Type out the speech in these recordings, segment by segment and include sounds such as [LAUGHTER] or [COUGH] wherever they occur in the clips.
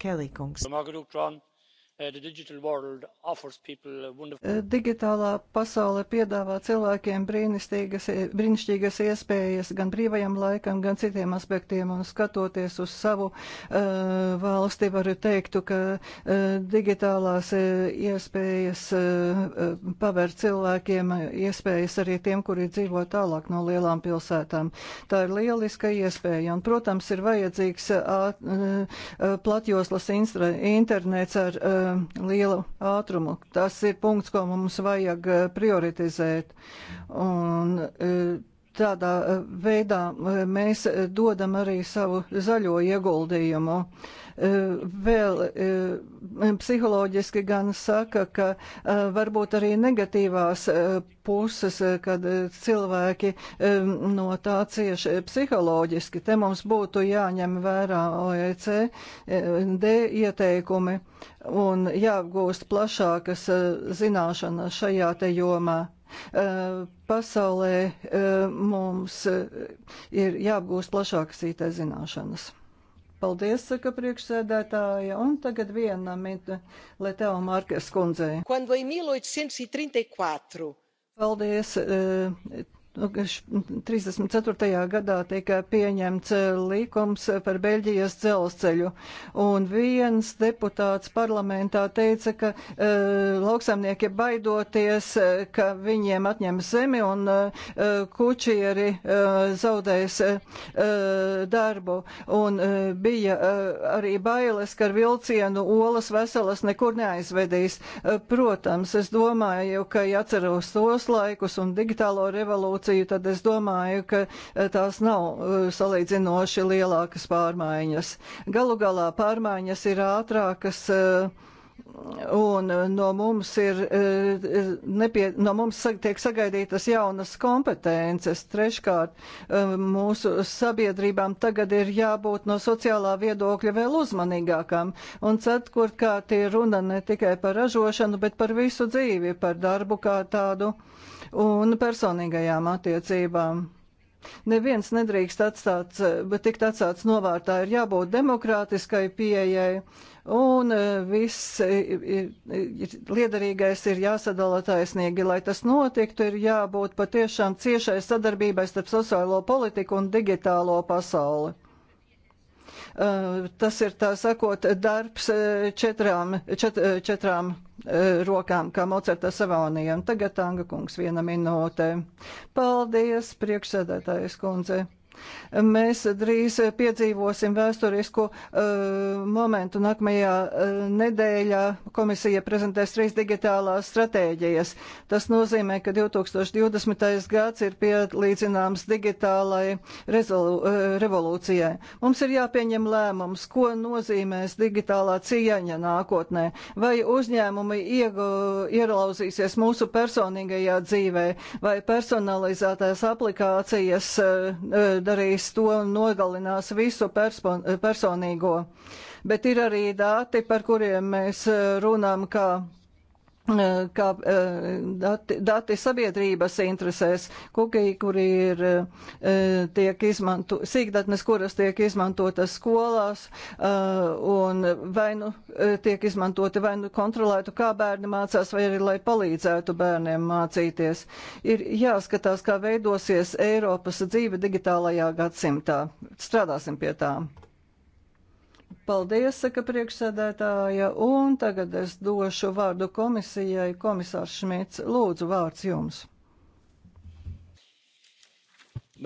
Kelly kungs. Uh, uh, digitālā pasaule piedāvā cilvēkiem eh, brīnišķīgas iespējas gan brīvajam laikam, gan citiem aspektiem, un skatoties uz savu uh, valsti, varu teikt, ka uh, digitālās uh, iespējas uh, paver cilvēkiem iespējas arī tiem, kuri dzīvo tālāk no lielām pilsētām. Tā ir lieliska iespēja, un, protams, ir vajadzīgs uh, uh, platjoslas internets ar uh, Eh, lielu ātrumu. Tas ir punkts, ko mums vajag eh, prioritizēt. Un eh, Tādā eh, veidā eh, mēs eh, dodam arī savu zaļo ieguldījumu. Vēl psiholoģiski gan saka, ka varbūt arī negatīvās puses, kad cilvēki no tā cieši psiholoģiski. Te mums būtu jāņem vērā OECD ieteikumi un jāapgūst plašākas zināšanas šajā te jomā. Eh, pasaulē eh, mums eh, ir jāapgūst plašākas IT zināšanas. Paldies, saka priekšsēdētāja, un tagad viena minūte Leteo Markes kundzei. E e Paldies. 34. gadā tika pieņemts likums par Beļģijas dzelzceļu, un viens deputāts parlamentā teica, ka e, eh, lauksamnieki baidoties, ka viņiem atņems zemi un e, kučieri e, zaudēs e, darbu, un e, bija e, arī bailes, ka ar vilcienu olas veselas nekur neaizvedīs. E, protams, es domāju, ka jāceros tos laikus un digitālo revolūciju, revolūciju, tad es domāju, ka eh, tās nav eh, salīdzinoši lielākas pārmaiņas. Galu galā pārmaiņas ir ātrākas. Uh, Un eh, no mums ir, eh, nepie, no mums tiek sagaidītas jaunas kompetences. Treškārt, eh, mūsu sabiedrībām tagad ir jābūt no sociālā viedokļa vēl uzmanīgākām. Un ceturtkārt, ir runa ne tikai par ražošanu, bet par visu dzīvi, par darbu kā tādu un personīgajām attiecībām. Neviens nedrīkst atstāts, eh, bet tikt atstāts novārtā ir jābūt demokrātiskai pieejai, un eh, viss liederīgais ir jāsadala taisnīgi. Lai tas notiktu, ir jābūt patiešām ciešai sadarbībai starp sociālo politiku un digitālo pasauli. Eh, tas ir tā sakot darbs eh, četrām, čet, eh, četrām rokām, kā Mocerta Savānija. Un tagad Tanga kungs viena minūte. Paldies, priekšsēdētājas kundze. Mēs drīz piedzīvosim vēsturisku uh, momentu. Nākamajā uh, nedēļā komisija prezentēs trīs digitālās stratēģijas. Tas nozīmē, ka 2020. gads ir pielīdzināms digitālai rezolu, uh, revolūcijai. Mums ir jāpieņem lēmums, ko nozīmēs digitālā cieņa nākotnē. Vai uzņēmumi iegu, ieraudzīsies mūsu personīgajā dzīvē, vai personalizētās aplikācijas uh, nedarīs to, nogalinās visu person, personīgo. Bet ir arī dati, par kuriem mēs runām, kā kā e, dati, dati sabiedrības interesēs, kuki, kuri ir, e, tiek izmanto, sīkdatnes, kuras tiek izmantotas skolās, e, un vai nu tiek izmantoti, vai nu kontrolētu, kā bērni mācās, vai arī, lai palīdzētu bērniem mācīties. Ir jāskatās, kā veidosies Eiropas dzīve digitālajā gadsimtā. Strādāsim pie tām. Paldies, saka priekšsēdētāja, un tagad es došu vārdu komisijai. Komisārs Šmits, lūdzu, vārds jums.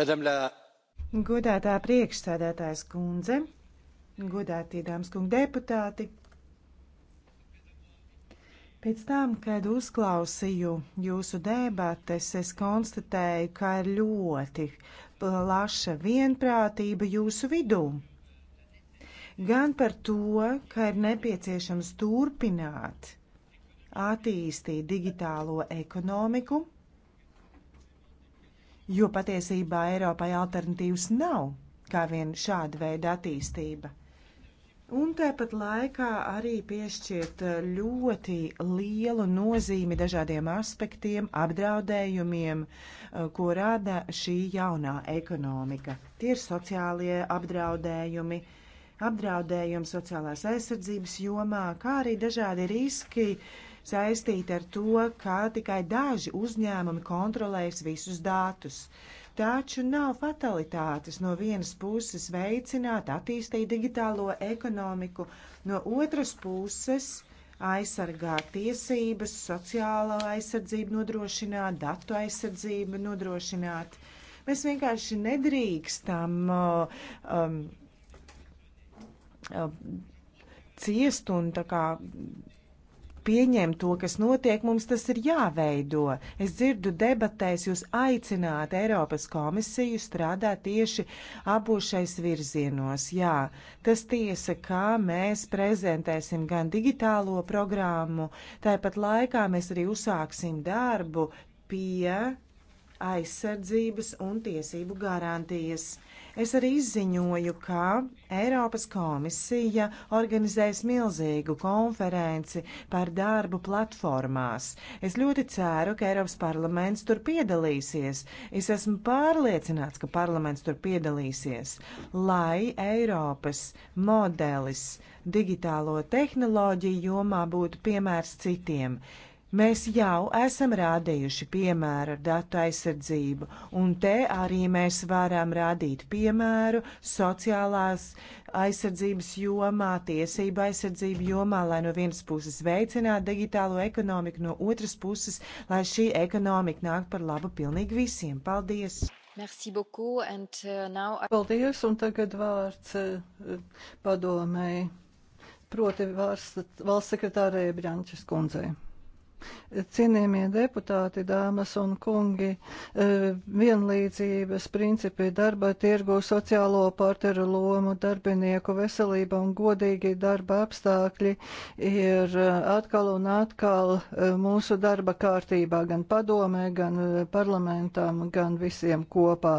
Madame la Godātā priekšsēdētājas kundze, godātie dāmas kungi deputāti, pēc tam, kad uzklausīju jūsu debates, es konstatēju, ka ir ļoti plaša vienprātība jūsu vidū gan par to, ka ir nepieciešams turpināt attīstīt digitālo ekonomiku, jo patiesībā Eiropai alternatīvas nav, kā vien šāda veida attīstība. Un tāpat laikā arī piešķirt ļoti lielu nozīmi dažādiem aspektiem, apdraudējumiem, ko rada šī jaunā ekonomika. Tie ir sociālie apdraudējumi, uh, apdraudējumi sociālās aizsardzības jomā, kā arī dažādi riski saistīti ar to, ka tikai daži uzņēmumi kontrolēs visus datus. Taču nav fatalitātes no vienas puses veicināt, attīstīt digitālo ekonomiku, no otras puses aizsargāt tiesības, sociālo aizsardzību nodrošināt, datu aizsardzību nodrošināt. Mēs vienkārši nedrīkstam uh, um, Um, ciest un tā kā pieņemt to, kas notiek, mums tas ir jāveido. Es dzirdu debatēs, jūs aicināt Eiropas komisiju strādāt tieši abušais virzienos. Jā, tas tiesa, kā mēs prezentēsim gan digitālo programmu, tāpat laikā mēs arī uzsāksim darbu pie aizsardzības un tiesību garantijas. Es arī izziņoju, ka Eiropas komisija organizēs milzīgu konferenci par darbu platformās. Es ļoti ceru, ka Eiropas parlaments tur piedalīsies. Es esmu pārliecināts, ka parlaments tur piedalīsies, lai Eiropas modelis digitālo tehnoloģiju jomā būtu piemērs citiem. Mēs jau esam rādījuši piemēru ar datu aizsardzību, un te arī mēs varam rādīt piemēru sociālās aizsardzības jomā, tiesība aizsardzība jomā, lai no vienas puses veicinātu digitālo ekonomiku, no otras puses, lai šī ekonomika nāk par labu pilnīgi visiem. Paldies! Merci beaucoup, and uh, now... Paldies, un tagad vārds uh, padomēji, proti vārds, valsts sekretārē Bļančes kundzei. Cienījamie deputāti, dāmas un kungi, e, vienlīdzības principi darba tirgu sociālo partneru lomu, darbinieku veselība un godīgi darba apstākļi ir e, atkal un atkal e, mūsu darba kārtībā gan padomē, gan parlamentam, gan visiem kopā.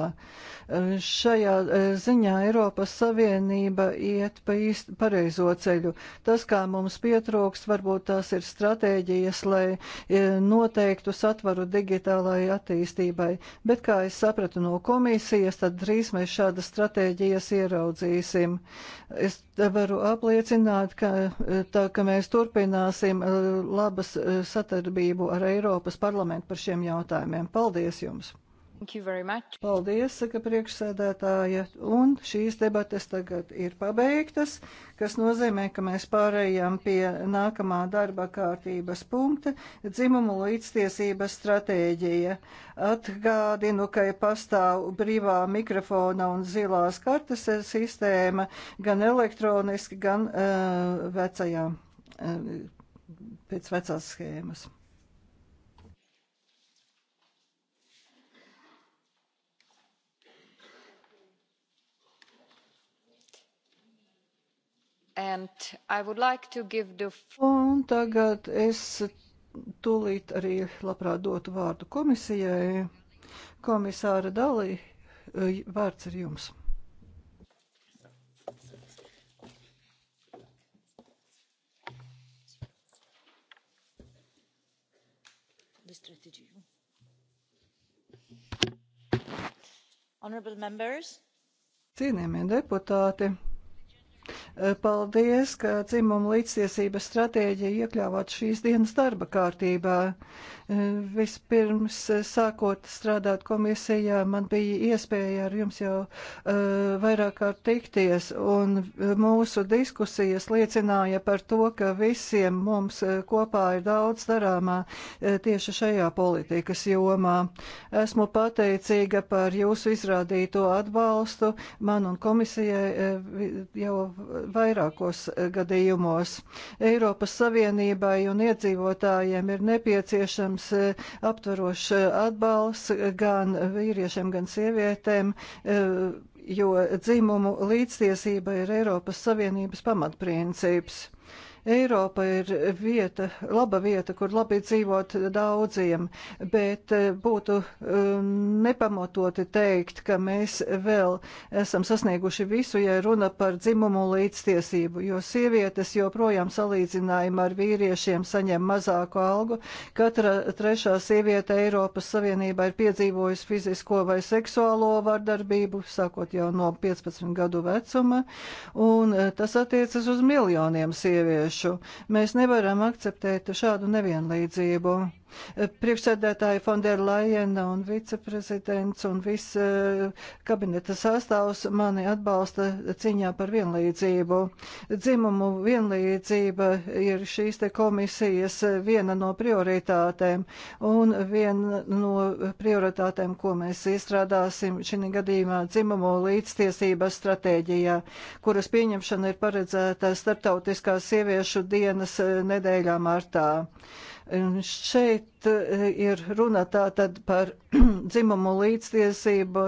Šajā ziņā Eiropas Savienība iet pa īsti pareizo ceļu. Tas, kā mums pietrūkst, varbūt tās ir stratēģijas, lai E, noteiktu satvaru digitālajai attīstībai. Bet, kā es sapratu no komisijas, tad drīz mēs šādas stratēģijas ieraudzīsim. Es varu apliecināt, ka, e, tā, ka mēs turpināsim e, labas satarbību ar Eiropas parlamentu par šiem jautājumiem. Paldies jums! Paldies, saka priekšsēdētāja, un šīs debates tagad ir pabeigtas, kas nozīmē, ka mēs pārējām pie nākamā darba kārtības punkta - dzimumu līdztiesības stratēģija. Atgādinu, ka pastāv brīvā mikrofona un zilās kartes sistēma gan elektroniski, gan uh, eh, vecajā, uh, eh, pēc vecās schēmas. Like the... Un tagad es tūlīt arī labprāt dotu vārdu komisijai. Komisāra Dalī, eh, vārds ir jums. Cienījamie deputāti, Eh, paldies, ka dzimuma līdztiesības stratēģija iekļāvāt šīs dienas darba kārtībā. Eh, vispirms, eh, sākot strādāt komisijā, man bija iespēja ar jums jau vairāk kārt tikties, un mūsu diskusijas liecināja par to, ka visiem mums kopā ir daudz darāmā tieši šajā politikas jomā. Esmu pateicīga par jūsu izrādīto atbalstu man un komisijai jau vairākos eh, gadījumos. Eiropas Savienībai un iedzīvotājiem ir nepieciešams eh, aptverošs eh, atbalsts gan vīriešiem, gan sievietēm jo dzimumu līdztiesība ir Eiropas Savienības pamatprincips. Eiropa ir vieta, laba vieta, kur labi dzīvot daudziem, bet eh, būtu um, nepamatoti teikt, ka mēs vēl esam sasnieguši visu, ja runa par dzimumu līdztiesību, jo sievietes joprojām salīdzinājumā ar vīriešiem saņem mazāku algu. Katra trešā sieviete Eiropas Savienībā ir piedzīvojusi fizisko vai seksuālo vardarbību, sākot jau no 15 gadu vecuma, un eh, tas attiecas uz miljoniem sieviešu finanšu. Mēs nevaram akceptēt šādu nevienlīdzību priekšsēdētāja Fonderlajena un viceprezidents un viss eh, kabineta sastāvs mani atbalsta ciņā par vienlīdzību. Dzimumu vienlīdzība ir šīs te komisijas eh, viena no prioritātēm un viena no prioritātēm, ko mēs izstrādāsim šī gadījumā dzimumu līdztiesības stratēģijā, kuras pieņemšana ir paredzēta starptautiskās sieviešu dienas eh, nedēļā martā. Šeit e, ir runa tātad par [CLEARS THROAT] dzimumu līdztiesību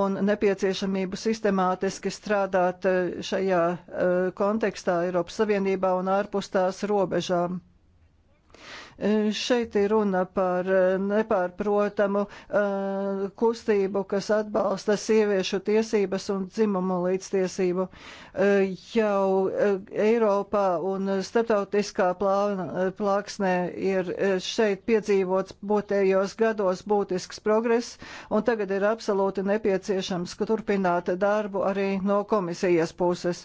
un nepieciešamību sistemātiski strādāt e, šajā e, kontekstā Eiropas Savienībā un ārpus tās robežām. E, šeit ir runa par e, nepārprotamu e, kustību, kas atbalsta sieviešu tiesības un dzimumu līdztiesību. Jau Eiropā un starptautiskā plāksnē ir šeit piedzīvots būtējos gados būtisks progress, un tagad ir absolūti nepieciešams turpināt darbu arī no komisijas puses.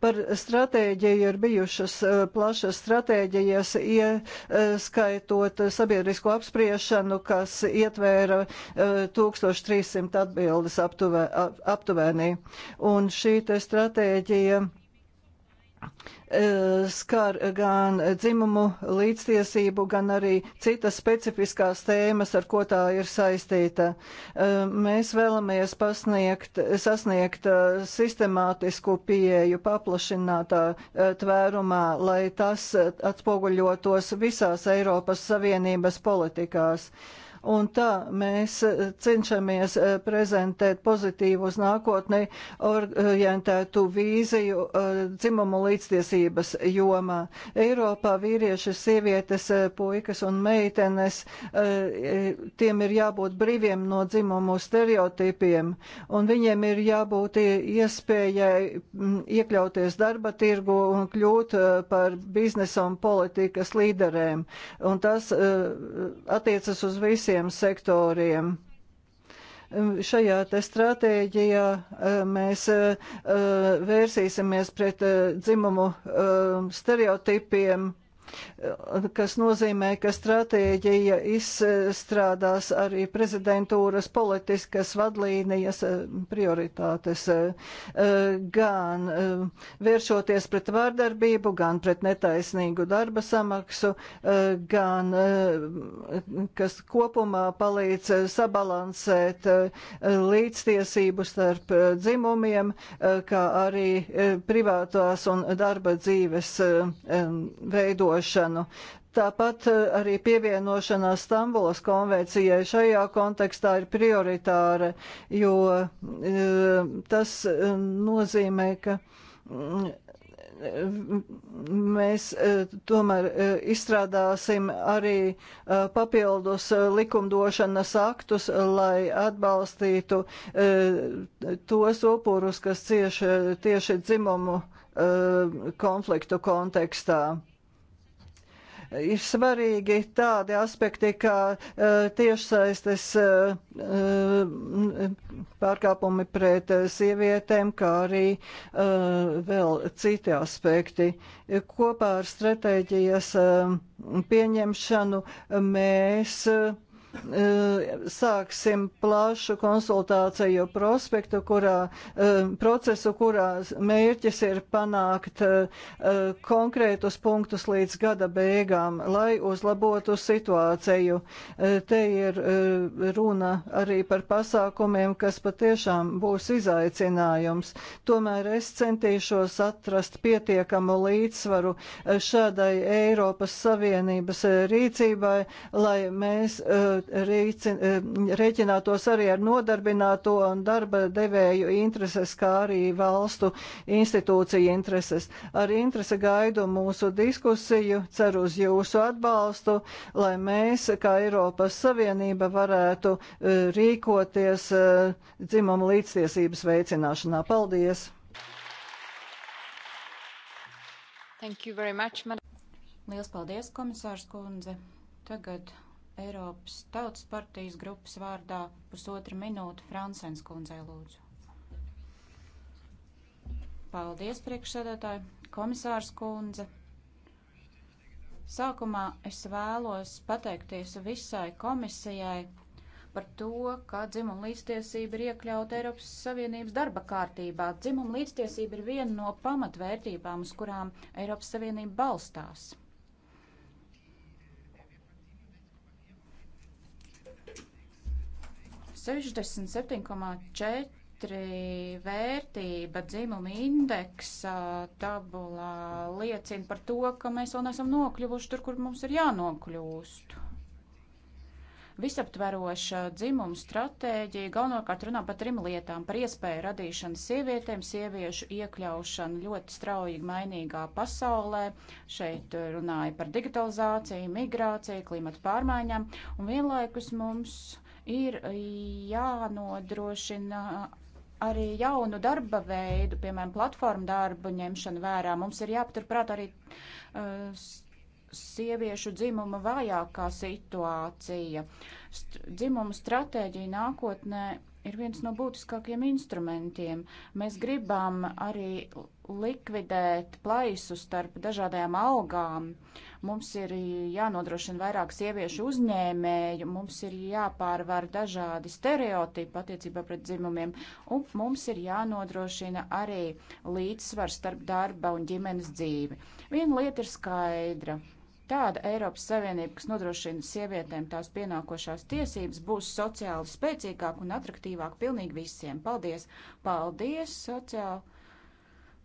Par stratēģiju ir bijušas plašas stratēģijas ieskats ieskaitot sabiedrisko apspriešanu, kas ietvēra 1300 e, atbildes aptuvē, aptuvēnī. Un šī te stratēģija Eh, skar gan dzimumu līdztiesību, gan arī citas specifiskās tēmas, ar ko tā ir saistīta. Eh, mēs vēlamies pasniegt, sasniegt eh, sistemātisku pieeju paplašinātā tvērumā, lai tas atspoguļotos visās Eiropas Savienības politikās. Uh, Un tā mēs e, cenšamies e, prezentēt pozitīvu uz nākotni orientētu vīziju e, dzimumu līdztiesības jomā. Eiropā vīrieši, sievietes, puikas un meitenes, tiem ir jābūt brīviem no dzimumu stereotipiem, un viņiem ir jābūt iespējai iekļauties darba tirgu un kļūt par biznesa un politikas līderēm. Un tas attiecas uz visiem visiem sektoriem šajā te stratēģijā eh, mēs eh, eh, vērsīsimies pret dzimumu stereotipiem kas nozīmē, ka stratēģija izstrādās arī prezidentūras politiskas vadlīnijas eh, prioritātes eh, gan eh, vēršoties pret vārdarbību, gan pret netaisnīgu darba samaksu, gan kas kopumā palīdz sabalansēt līdztiesību starp dzimumiem, kā arī privātās un darba dzīves veidošanu iekļaušanu. Tāpat eh, arī pievienošanās Stambulas konvencijai šajā kontekstā ir prioritāra, jo eh, tas eh, nozīmē, ka mm, mēs tomēr izstrādāsim arī papildus likumdošanas aktus, lai atbalstītu tos upurus, kas cieši tieši dzimumu konfliktu kontekstā ir svarīgi tādi aspekti, kā e, tiešsaistes e, e, pārkāpumi pret sievietēm, kā arī vēl citi aspekti. Kopā ar stratēģijas pieņemšanu mēs Eh, sāksim plašu konsultāciju prospektu, kurā, eh, procesu, kurā mērķis ir panākt eh, konkrētus punktus līdz gada beigām, lai uzlabotu situāciju. Te ir runa arī par pasākumiem, kas patiešām būs izaicinājums. Tomēr es centīšos atrast pietiekamu līdzsvaru šādai Eiropas Savienības rīcībai, lai mēs Eh, rēķinātos arī ar nodarbināto un darba devēju intereses, kā arī valstu institūciju intereses. Ar interesi gaidu mūsu diskusiju, ceru uz jūsu atbalstu, lai mēs, kā Eiropas Savienība, varētu eh, rīkoties eh, dzimumu līdztiesības veicināšanā. Paldies! Thank you very much, madam. Liels paldies, komisārs kundze. Tagad Eiropas Tautas partijas grupas vārdā pusotra minūte Fransens kundzei lūdzu. Paldies, priekšsēdētāji, komisārs kundze. Sākumā es vēlos pateikties visai komisijai par to, ka dzimuma līdztiesība ir iekļauta Eiropas Savienības darba kārtībā. Dzimuma līdztiesība ir viena no pamatvērtībām, uz kurām Eiropas Savienība balstās. 67,4 vērtība dzimuma indeksa tabulā liecina par to, ka mēs vēl neesam nokļuvuši tur, kur mums ir jānokļūst visaptveroša dzimuma stratēģija galvenokārt runā par trim lietām - par iespēju radīšanu sievietēm, sieviešu iekļaušanu ļoti strauji mainīgā pasaulē. Šeit runāja par digitalizāciju, migrāciju, klimatu pārmaiņām un vienlaikus mums ir e, jānodrošina e, arī jaunu darba veidu, piemēram, platformu darbu ņemšanu vērā. Mums ir jāpaturprāt arī uh, sieviešu dzimuma vājākā situācija. St dzimumu stratēģija nākotnē ir viens no būtiskākajiem instrumentiem. Mēs gribam arī likvidēt plaisu starp dažādajām algām. Uh, Mums ir jānodrošina vairāk sieviešu uzņēmēju, mums ir jāpārvar dažādi stereotipi attiecībā pret dzimumiem, un mums ir jānodrošina arī līdzsvars starp darba un ģimenes dzīvi. Viena lieta ir skaidra tāda Eiropas Savienība, kas nodrošina sievietēm tās pienākošās tiesības, būs sociāli spēcīgāka un atraktīvāka pilnīgi visiem. Paldies! Paldies! Sociāli!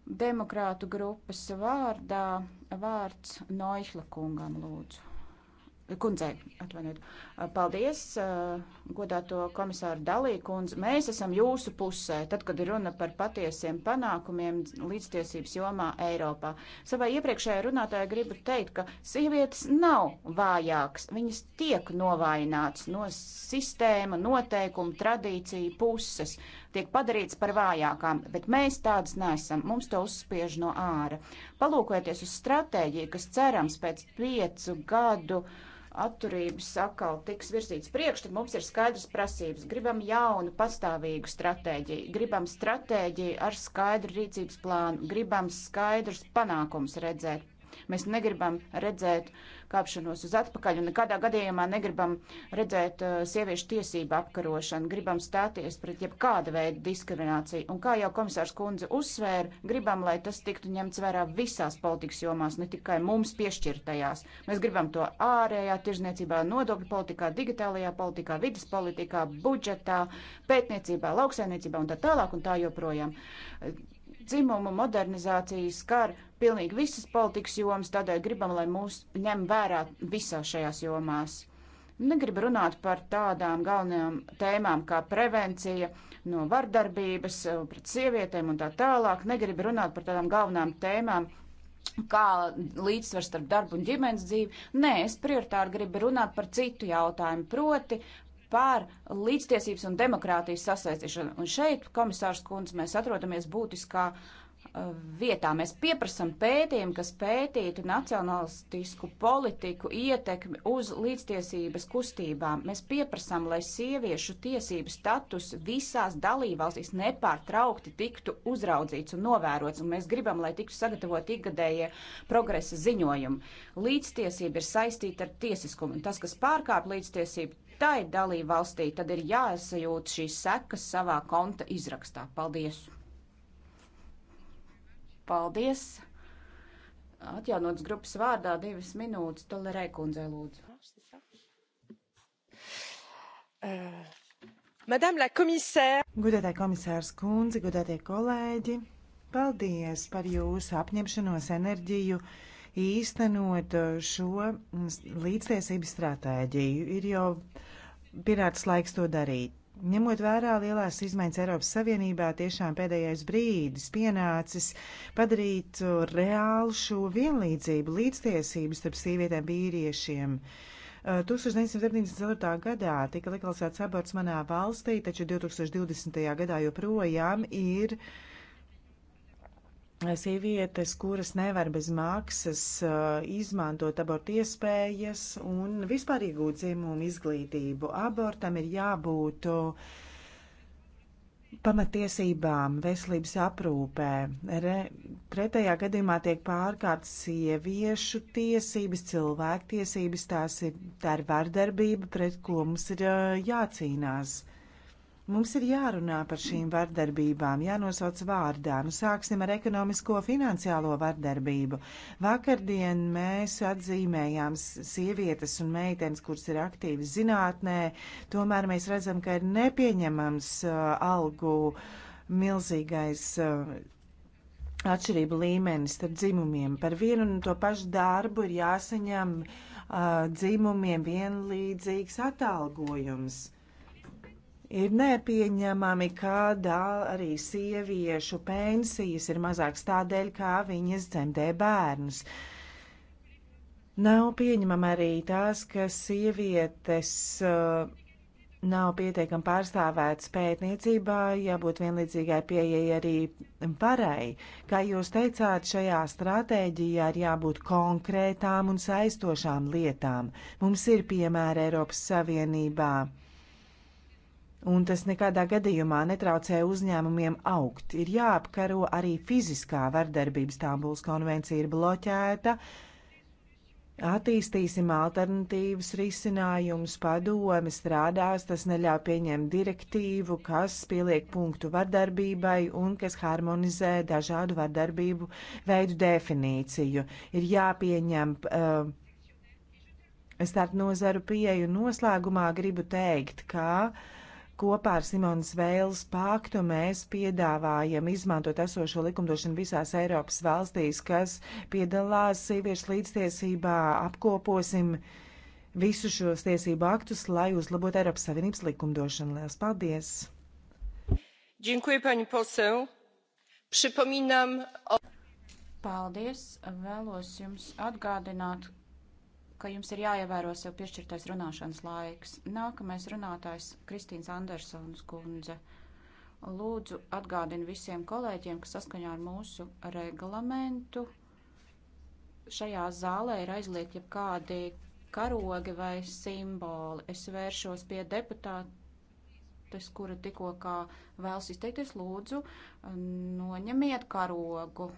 demokrātu grupas vārdā vārds Noišla kungam lūdzu. Kundzei, atvainojiet. Paldies, eh, godāto komisāru Dalī kundze. Mēs esam jūsu pusē, tad, kad ir runa par patiesiem panākumiem līdztiesības jomā Eiropā. Savai iepriekšējai runātāji gribu teikt, ka sievietes nav vājākas. Viņas tiek novājināts no sistēma, noteikuma, tradīcija puses. Uh, tiek padarīts par vājākām, bet mēs tādas neesam. Mums to uzspiež no āra. Palūkojoties uz stratēģiju, kas cerams pēc piecu gadu atturības atkal tiks virzīts priekš, tad mums ir skaidrs prasības. Gribam jaunu, pastāvīgu stratēģiju, gribam stratēģiju ar skaidru rīcības plānu, gribam skaidrus panākums redzēt Mēs negribam redzēt kāpšanos uz atpakaļ un nekādā gadījumā negribam redzēt uh, sieviešu tiesību apkarošanu. Gribam stāties pret jebkāda veida diskrimināciju. Un kā jau komisārs kundze uzsvēra, gribam, lai tas tiktu ņemts vērā visās politikas jomās, ne tikai mums piešķirtajās. Mēs gribam to ārējā tirzniecībā, nodokļu politikā, digitālajā politikā, vidas politikā, budžetā, pētniecībā, lauksainiecībā un tā tālāk un tā joprojām. Dzimuma modernizācija skar pilnīgi visas politikas jomas, tādēļ gribam, lai mūs ņem vērā visās šajās jomās. Negribu runāt par tādām galvenajām tēmām kā prevencija no vardarbības eh, pret sievietēm un tā tālāk. Negribu runāt par tādām galvenām tēmām kā līdzsvars starp darbu un ģimenes dzīvi. Nē, es prioritāri gribu runāt par citu jautājumu, proti par līdztiesības un demokrātijas sasaistīšanu. Un šeit, komisārs kundze, mēs atrodamies būtiskā vietā. Mēs pieprasam pētījumu, kas pētītu nacionalistisku politiku ietekmi uz līdztiesības kustībām. Mēs pieprasam, lai sieviešu tiesību status visās dalībvalstīs nepārtraukti tiktu uzraudzīts un novērots, un mēs gribam, lai tiktu sagatavot ikgadējie progresa ziņojumi. Līdztiesība ir saistīta ar tiesiskumu, un tas, kas pārkāp līdztiesību, tā ir dalībvalstī, tad ir jāsajūt šīs sekas savā konta izrakstā. Paldies! Paldies! Atjaunotas grupas vārdā divas minūtes tolerē kundze lūdzu. Uh, Madame la komisāra! Gudētā komisārs kundze, gudētie kolēģi, paldies par jūsu apņemšanos enerģiju īstenot šo mm, līdztiesību stratēģiju. Ir jau pienācis laiks to darīt. Ņemot vērā lielās izmaiņas Eiropas Savienībā, tiešām pēdējais brīdis pienācis padarīt reālu šo vienlīdzību, līdztiesību starp sievietēm vīriešiem. 1974. gadā tika legalizēts aborts manā valstī, taču 2020. gadā joprojām ir uh, sievietes, kuras nevar bez maksas uh, izmantot abortu iespējas un vispār iegūt dzimumu izglītību. Abortam ir jābūt uh, pamatiesībām, veselības aprūpē. Re, pretējā gadījumā tiek pārkārtas sieviešu tiesības, cilvēktiesības, tās ir, tā ir vardarbība, pret ko mums ir uh, jācīnās. Uh, Mums ir jārunā par šīm vardarbībām, jānosauc vārdā. Nu, sāksim ar ekonomisko finansiālo vardarbību. Vakardien mēs atzīmējām sievietes un meitenes, kuras ir aktīvas zinātnē, tomēr mēs redzam, ka ir nepieņemams uh, algu milzīgais. Uh, Atšķirība līmenis starp dzimumiem par vienu un to pašu darbu ir jāsaņem uh, dzimumiem vienlīdzīgs atalgojums. Ir nepieņemami, ka arī sieviešu pensijas ir mazākas tādēļ, kā viņas dzemdē bērnus. Nav pieņemama arī tas, ka sievietes uh, nav pietiekami pārstāvētas pētniecībā, jābūt vienlīdzīgai pieejai arī parai. Kā jūs teicāt, šajā stratēģijā ir jābūt konkrētām un saistošām lietām. Mums ir piemēra Eiropas Savienībā un tas nekādā gadījumā netraucē uzņēmumiem augt. Ir jāapkaro arī fiziskā vardarbība. Stambuls konvencija ir bloķēta. Attīstīsim alternatīvas risinājumus, padomi strādās, tas neļauj pieņemt direktīvu, kas pieliek punktu vardarbībai un kas harmonizē dažādu vardarbību veidu definīciju. Ir jāpieņem uh, starp nozaru pieeju noslēgumā gribu teikt, ka uh, Kopā ar Simonas Vēles paktu mēs piedāvājam izmantot esošo likumdošanu visās Eiropas valstīs, kas piedalās sieviešu līdztiesībā. Apkoposim visus šos tiesību aktus, lai uzlabotu Eiropas Savienības likumdošanu. Lielas paldies! Dziękuję pani poseł. Przypominam o... Paldies! Vēlos jums atgādināt, ka jums ir jāievēro sev piešķirtais runāšanas laiks. Nākamais runātājs Kristīns Andersons kundze. Lūdzu atgādinu visiem kolēģiem, ka saskaņā ar mūsu reglamentu šajā zālē ir aizliegt jebkādi karogi vai simboli. Es vēršos pie deputātes, kura tikko kā vēlas izteikties, lūdzu, noņemiet karogu.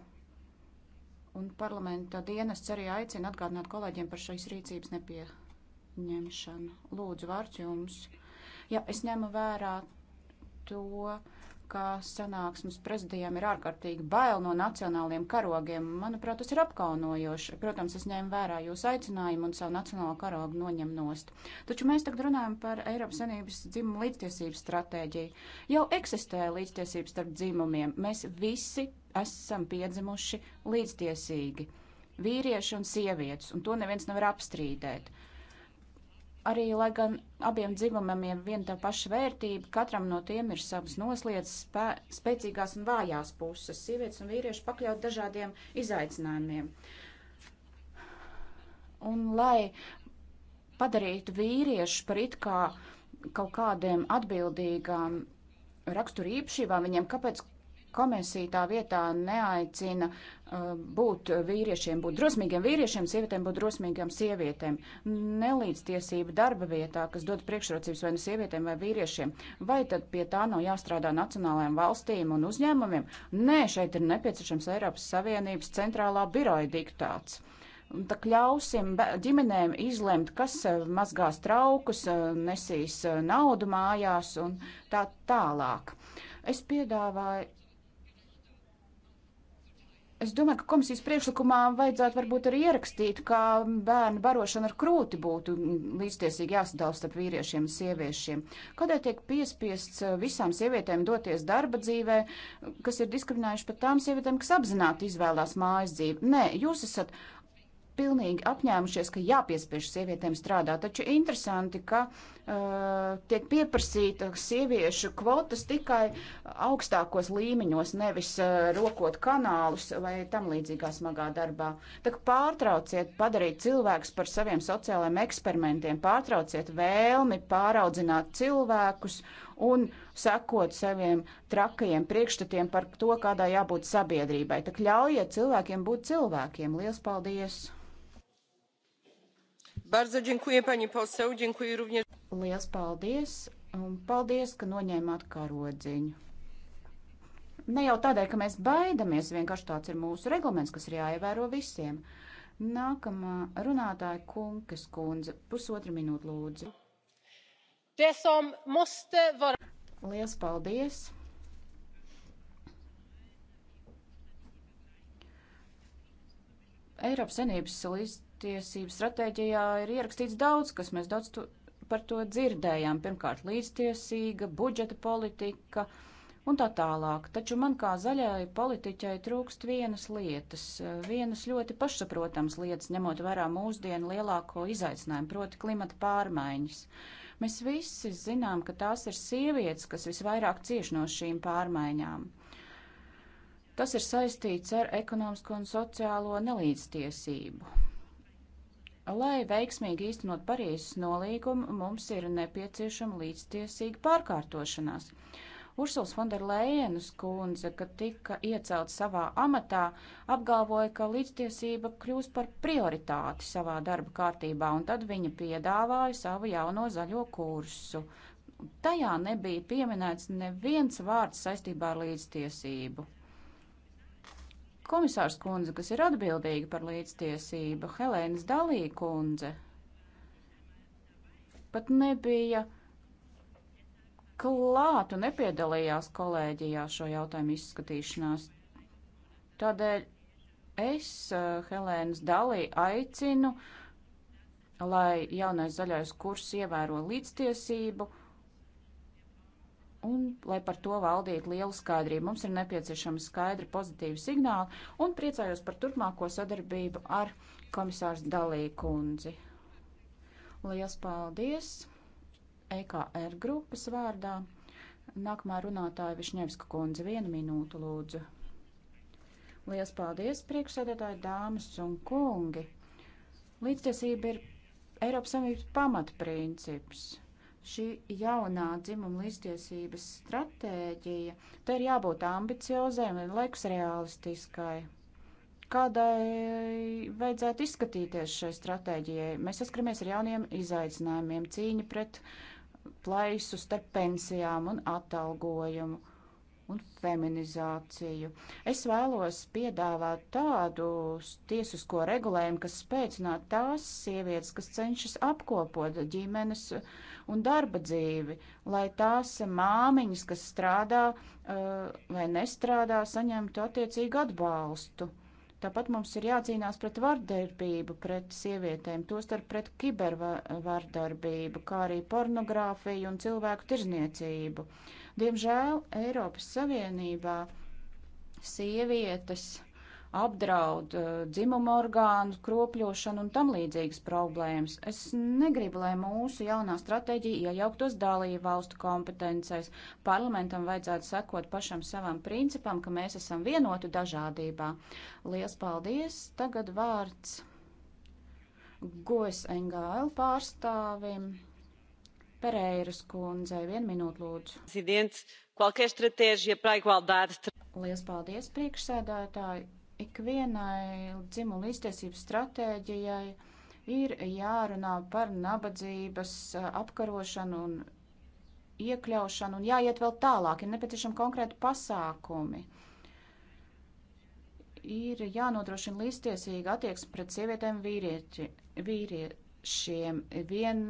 Un parlamenta dienests arī aicina atgādināt kolēģiem par šīs rīcības nepieņemšanu. Lūdzu, vārds jums. Ja es ņemu vērā to, ka sanāksmes prezidijām ir ārkārtīgi bail no nacionāliem karogiem. Manuprāt, tas ir apkaunojoši. Protams, es ņēmu vērā jūsu aicinājumu un savu nacionālo karogu noņem nost. Taču mēs tagad runājam par Eiropas Savienības dzimumu līdztiesības stratēģiju. Jau eksistē līdztiesības starp dzimumiem. Mēs visi esam piedzimuši līdztiesīgi - vīrieši un sievietes, un to neviens nevar apstrīdēt arī, lai gan abiem dzimumam ir viena tā paša vērtība, katram no tiem ir savas noslietas, spē, spēcīgās un vājās puses. Sievietes un vīrieši pakļaut dažādiem izaicinājumiem. Un lai padarītu vīriešu par it kā kaut kādiem atbildīgām raksturību šībām, viņiem kāpēc komisija tā vietā neaicina uh, būt vīriešiem, būt drosmīgiem vīriešiem, sievietēm būt drosmīgām sievietēm. Nelīdztiesība darba vietā, kas dod priekšrocības vai nu sievietēm vai vīriešiem, vai tad pie tā nav jāstrādā nacionālajām valstīm un uzņēmumiem? Nē, šeit ir nepieciešams Eiropas Savienības centrālā biroja diktāts. Tā ļausim ģimenēm izlemt, kas uh, mazgās traukus, uh, nesīs naudu mājās un tā tālāk. Es piedāvāju Es domāju, ka komisijas priekšlikumā vajadzētu varbūt arī ierakstīt, ka bērnu barošana ar krūti būtu līdztiesīgi jāsadala starp vīriešiem un sieviešiem. Kādēļ tiek piespiests eh, visām sievietēm doties darba dzīvē, kas ir diskriminējuši pat tām sievietēm, kas apzināti izvēlās mājas dzīvi? Nē, jūs esat pilnīgi apņēmušies, ka jāpiespiež sievietēm strādāt, taču interesanti, ka. Uh, Uh, tiek pieprasīta sieviešu kvotas tikai augstākos līmeņos, nevis uh, rokot kanālus vai tam līdzīgā smagā darbā. Tā kā pārtrauciet padarīt cilvēkus par saviem sociālajiem eksperimentiem, pārtrauciet vēlmi pāraudzināt cilvēkus un sekot saviem trakajiem priekšstatiem par to, kādā jābūt sabiedrībai. Tā ļaujiet cilvēkiem būt cilvēkiem. Lielas paldies! Bardzo dziękuję, pani poseł. Dziękuję również. Liels paldies, un paldies, ka noņēmāt karodziņu. Ne jau tādēļ, ka mēs baidamies, vienkārši tāds ir mūsu reglaments, kas ir jāievēro visiem. Nākamā runātāja Kunkas kundze, pusotra minūte lūdzu. Var... Liels paldies! Eiropas Savienības līdz tiesību stratēģijā ir ierakstīts daudz, kas mēs daudz tu, par to dzirdējām. Pirmkārt, līdztiesīga, budžeta politika un tā tālāk. Taču man kā zaļai politiķai trūkst vienas lietas, vienas ļoti pašsaprotams lietas, ņemot vērā mūsdienu lielāko izaicinājumu, proti klimata pārmaiņas. Mēs visi zinām, ka tās ir sievietes, kas visvairāk cieši no šīm pārmaiņām. Tas ir saistīts ar ekonomisko un sociālo nelīdztiesību. Lai veiksmīgi īstenot Parīzes nolīgumu, mums ir nepieciešama līdztiesīga pārkārtošanās. Ursula Fonderlējienas kundze, kad tika iecelt savā amatā, apgalvoja, ka līdztiesība kļūs par prioritāti savā darba kārtībā, un tad viņa piedāvāja savu jauno zaļo kursu. Tajā nebija pieminēts neviens vārds saistībā ar līdztiesību komisārs kundze, kas ir atbildīga par līdztiesību, Helēnas Dalī kundze, pat nebija klāt un nepiedalījās kolēģijā šo jautājumu izskatīšanās. Tādēļ es, eh, Helēnas Dalī, aicinu, lai jaunais zaļais kurs ievēro līdztiesību un lai par to valdītu liela skaidrība. Mums ir nepieciešama skaidra pozitīva signāla un priecājos par turpmāko sadarbību ar komisārs Dalī kundzi. Liels paldies EKR grupas vārdā. Nākamā runātāja Višņevska kundze, vienu minūtu lūdzu. Liels paldies, priekšsēdētāji, dāmas un kungi! Līdztiesība ir Eiropas Savienības pamatprincips šī jaunā dzimuma līdztiesības stratēģija, tai ir jābūt ambiciozai un laikus realistiskai. Kādai vajadzētu izskatīties šai stratēģijai? Mēs saskaramies ar jauniem izaicinājumiem, cīņa pret plaisu starp pensijām un atalgojumu un feminizāciju. Es vēlos piedāvāt tādu tiesisko regulējumu, kas spēcinātu tās sievietes, kas cenšas apkopot ģimenes uh, un darba dzīvi, lai tās māmiņas, kas strādā eh, vai nestrādā, saņemtu attiecīgu atbalstu. Tāpat mums ir jācīnās pret vardarbību pret sievietēm, tostarp pret kibervardarbību, kā arī pornogrāfiju un cilvēku tirzniecību. Diemžēl Eiropas Savienībā sievietes apdraud eh, dzimumu orgānu, kropļošanu un tam līdzīgas problēmas. Es negribu, lai mūsu jaunā stratēģija iejauktos dalību valstu kompetencēs. Parlamentam vajadzētu sekot pašam savam principam, ka mēs esam vienoti dažādībā. Lielas paldies! Tagad vārds Gojas NGL pārstāvim. Pereiras kundzei, vienu minūtu lūdzu. Liels paldies, priekšsēdētāji! ikvienai dzimuma līdztiesības stratēģijai ir jārunā par nabadzības apkarošanu un iekļaušanu, un jāiet vēl tālāk, ir nepieciešami konkrēti pasākumi. Ir jānodrošina līdztiesīga attieksme pret sievietēm vīrieči, vīriešiem. Vien,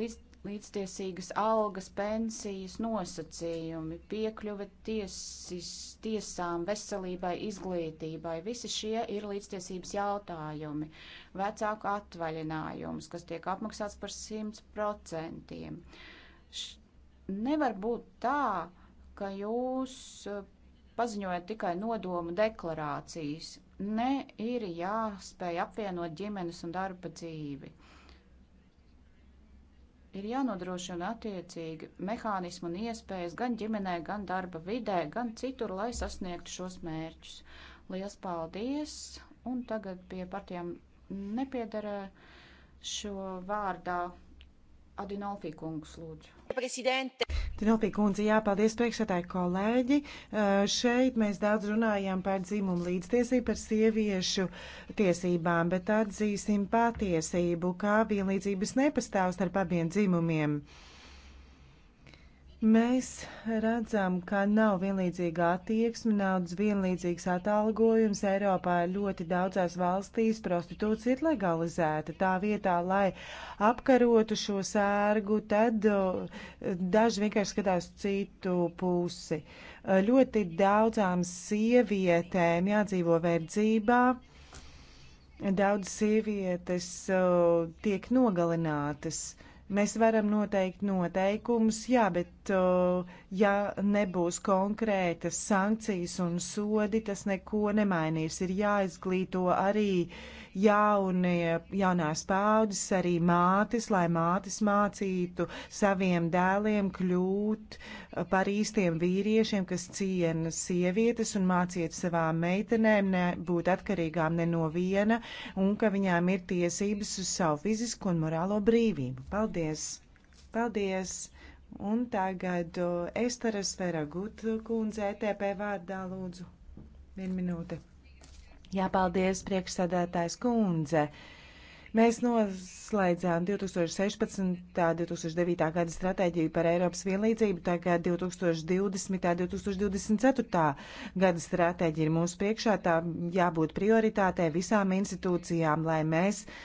līdz, līdztiesīgas algas, pensijas, nosacījumi, piekļuve tiesis, tiesām, veselībai, izglītībai. Visi šie ir līdztiesības jautājumi. Vecāku atvaļinājums, kas tiek apmaksāts par 100%. Nevar būt tā, ka jūs uh, paziņojat tikai nodomu deklarācijas. Ne ir jāspēj apvienot ģimenes un darba dzīvi ir jānodrošina attiecīgi mehānismi un iespējas gan ģimenē, gan darba vidē, gan citur, lai sasniegtu šos mērķus. Lielas paldies! Un tagad pie partijām nepiederē eh, šo vārdā Adinolfi kungs lūdzu. Presidente. Tinopī kundze, jāpaldies priekšsētāji kolēģi. Eh, šeit mēs daudz runājām par dzimumu līdztiesību, par sieviešu tiesībām, bet atzīsim patiesību, kā vienlīdzības nepastāv starp abiem dzimumiem. Uh, Mēs redzam, ka nav vienlīdzīga attieksme, naudas vienlīdzīgs atalgojums. Eiropā ļoti daudzās valstīs prostitūcija ir legalizēta. Tā vietā, lai apkarotu šo sērgu, tad uh, daži vienkārši skatās citu pusi. Uh, ļoti daudzām sievietēm jādzīvo verdzībā. Daudz sievietes uh, tiek nogalinātas. Mēs varam noteikt noteikumus, jā, bet bet ja nebūs konkrētas sankcijas un sodi, tas neko nemainīs. Ir jāizglīto arī jaunie, jaunās paudzes, arī mātes, lai mātes mācītu saviem dēliem kļūt par īstiem vīriešiem, kas ciena sievietes un māciet savām meitenēm nebūt atkarīgām ne no viena un ka viņām ir tiesības uz savu fizisko un morālo brīvību. Paldies! Paldies! Un tagad Esteres Feragut kundze ETP vārdā lūdzu. Vienu minūti. Jāpaldies priekšsēdētājs kundze. Mēs noslēdzām 2016. 2009. gada stratēģiju par Eiropas vienlīdzību, tagad 2020. 2024. gada stratēģija ir mūsu priekšā, tā jābūt prioritātē visām institūcijām, lai mēs uh,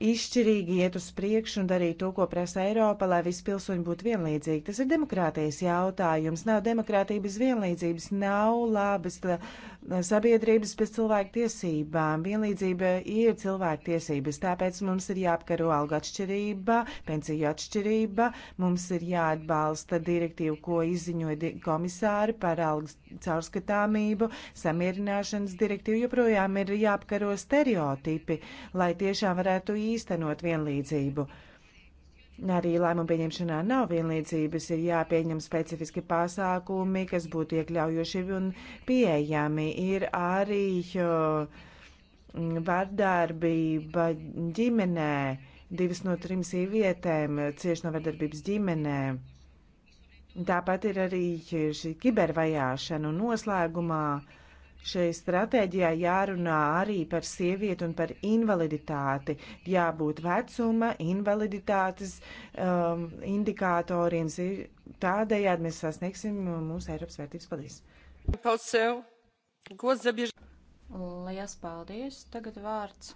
izšķirīgi iet uz priekšu un darīt to, ko prasa Eiropa, lai visi pilsoņi būtu vienlīdzīgi. Tas ir demokrātijas jautājums. Nav demokrātija bez vienlīdzības, nav labas sabiedrības bez cilvēku tiesībām. Vienlīdzība ir cilvēku tiesības, tāpēc mums ir jāapkaro algu atšķirība, pensiju atšķirība, mums ir jāatbalsta direktīvu, ko izziņoja komisāri par algas caurskatāmību, samierināšanas direktīvu, joprojām ir jāapkaro stereotipi, lai tiešām varētu īstenot īstenot vienlīdzību. Arī lēmumu pieņemšanā nav vienlīdzības, ir jāpieņem specifiski pasākumi, kas būtu iekļaujoši un pieejami. Ir arī mm, vardarbība ģimenē, divas no trim sievietēm cieši no vardarbības ģimenē. Tāpat ir arī šī kibervajāšana un noslēgumā. Uh, Šai stratēģijā jārunā arī par sievieti un par invaliditāti. Jābūt vecuma, invaliditātes um, indikatoriem. Tādējādi mēs sasniegsim mūsu Eiropas vērtības. Paldies! Paldies! Lielas paldies! Tagad vārds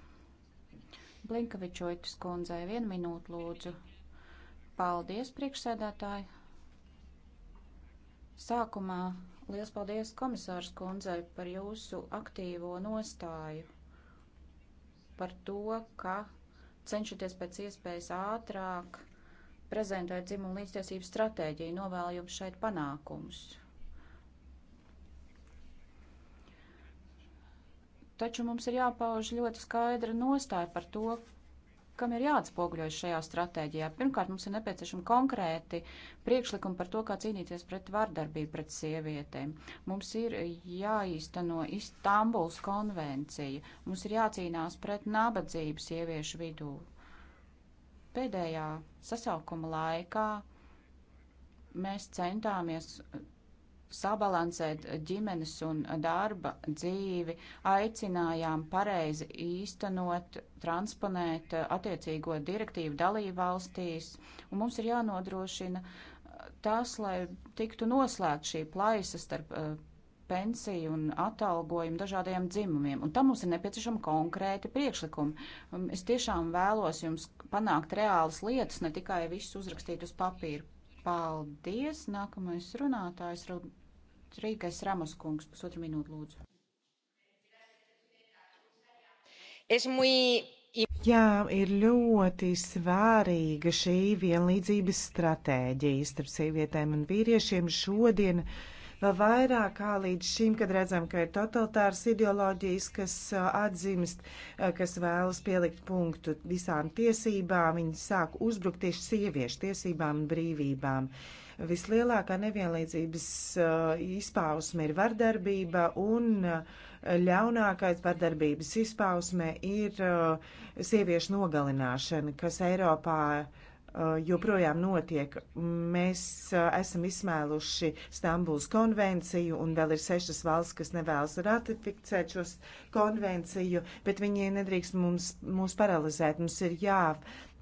Blinkavičoitis kundzei. Vienu minūtu lūdzu. Paldies, priekšsēdētāji! Sākumā Lielas paldies komisārs kundzei par jūsu aktīvo nostāju, par to, ka cenšaties pēc iespējas ātrāk prezentēt dzimumu līdztiesību stratēģiju, novēlu jums šeit panākumus. Taču mums ir jāpauž ļoti skaidra nostāja par to, kam ir jāatspoguļojas šajā stratēģijā. Pirmkārt, mums ir nepieciešami konkrēti priekšlikumi par to, kā cīnīties pret vardarbību pret sievietēm. Mums ir jāīsteno Istanbuls konvencija. Mums ir jācīnās pret nabadzību sieviešu vidū. Pēdējā sasaukuma laikā mēs centāmies sabalansēt ģimenes un darba dzīvi, aicinājām pareizi īstenot, transponēt attiecīgo direktīvu dalību valstīs, un mums ir jānodrošina tas, lai tiktu noslēgt šī plaisa starp uh, pensiju un atalgojumu dažādiem dzimumiem. Un tam mums ir nepieciešama konkrēti priekšlikumi. Es tiešām vēlos jums panākt reālas lietas, ne tikai visu uzrakstīt uz papīra. Paldies! Nākamais runātājs Rodrīgais Ramos kungs, pusotru minūtu lūdzu. Es muy... Jā, ir ļoti svārīga šī vienlīdzības stratēģija starp sievietēm un vīriešiem šodien. Vēl vairāk kā līdz šim, kad redzam, ka ir totalitāras ideoloģijas, kas atzīmst, kas vēlas pielikt punktu visām tiesībām, viņi sāk uzbrukt tieši sieviešu tiesībām un brīvībām. Uh, vislielākā nevienlīdzības uh, izpausme ir vardarbība un uh, ļaunākais vardarbības izpausme ir uh, sieviešu nogalināšana, kas Eiropā joprojām notiek. Mēs esam izsmēluši Stambuls konvenciju, un vēl ir sešas valsts, kas nevēlas ratificēt šos konvenciju, bet viņi nedrīkst mums, mūs paralizēt. Mums ir jā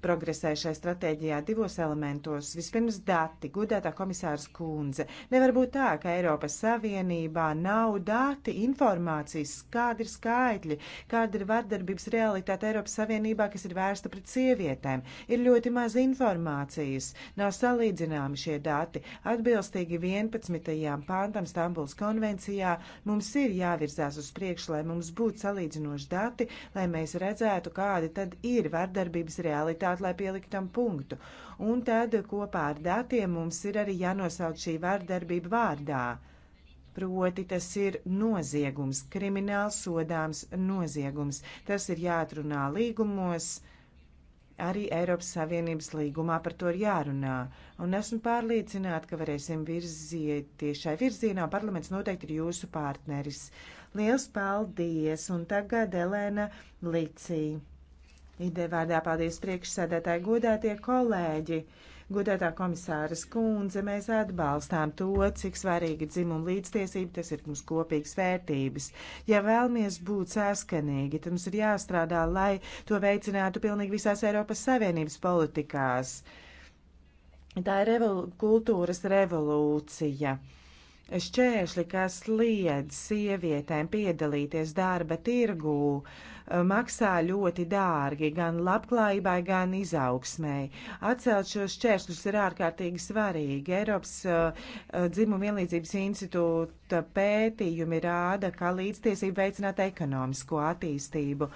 progresējušai stratēģijā divos elementos. Vispirms dati, gudētā komisārs Kūnze. Nevar būt tā, ka Eiropas Savienībā nav dati, informācijas, kāda ir skaitļi, kāda ir vardarbības realitāte Eiropas Savienībā, kas ir vērsta pret sievietēm. Ir ļoti maz informācijas, nav salīdzināmi šie dati. Atbilstīgi 11. pāntam Stambuls konvencijā mums ir jāvirzās uz priekšu, lai mums būtu salīdzinoši dati, lai mēs redzētu, kādi tad ir vardarbības realitāte prioritāti, lai pieliktam punktu. Un tad kopā ar datiem mums ir arī jānosauc šī vārdarbība vārdā. Proti tas ir noziegums, krimināls sodāms noziegums. Tas ir jāatrunā līgumos, arī Eiropas Savienības līgumā par to ir jārunā. Un esmu pārliecināta, ka varēsim virzieties šai virzienā. Parlaments noteikti ir jūsu partneris. Liels paldies! Un tagad Elēna Licija. Ideja vārdā paldies priekšsēdētāji, godētie kolēģi, godētā komisāras kundze, mēs atbalstām to, cik svarīgi dzimuma līdztiesība, tas ir mums kopīgs vērtības. Ja vēlamies būt saskanīgi, tad mums ir jāstrādā, lai to veicinātu pilnīgi visās Eiropas Savienības politikās. Tā ir revol kultūras revolūcija šķēršļi, kas liedz sievietēm piedalīties darba tirgū, eh, maksā ļoti dārgi gan labklājībai, gan izaugsmēji. Atcelt šos šķēršļus ir ārkārtīgi svarīgi. Eiropas uh, eh, eh, dzimumu vienlīdzības institūta pētījumi rāda, ka līdztiesība veicinātu ekonomisko attīstību.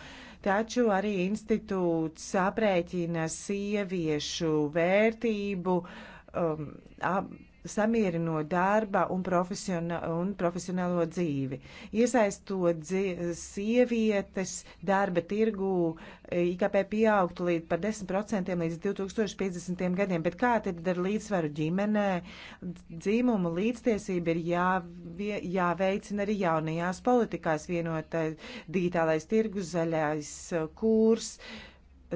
Taču arī institūts aprēķina sieviešu vērtību um, ab, samierinot darba un, profesionā, un profesionālo dzīvi. Iesaistot dzi sievietes darba tirgū, IKP pieaugtu līdz par 10% līdz 2050. gadiem, bet kā tad ar līdzsvaru ģimenē? Dzīmumu līdztiesība ir jāvie, jāveicina arī jaunajās politikās vienotā digitālais tirgus, zaļais uh, kurs,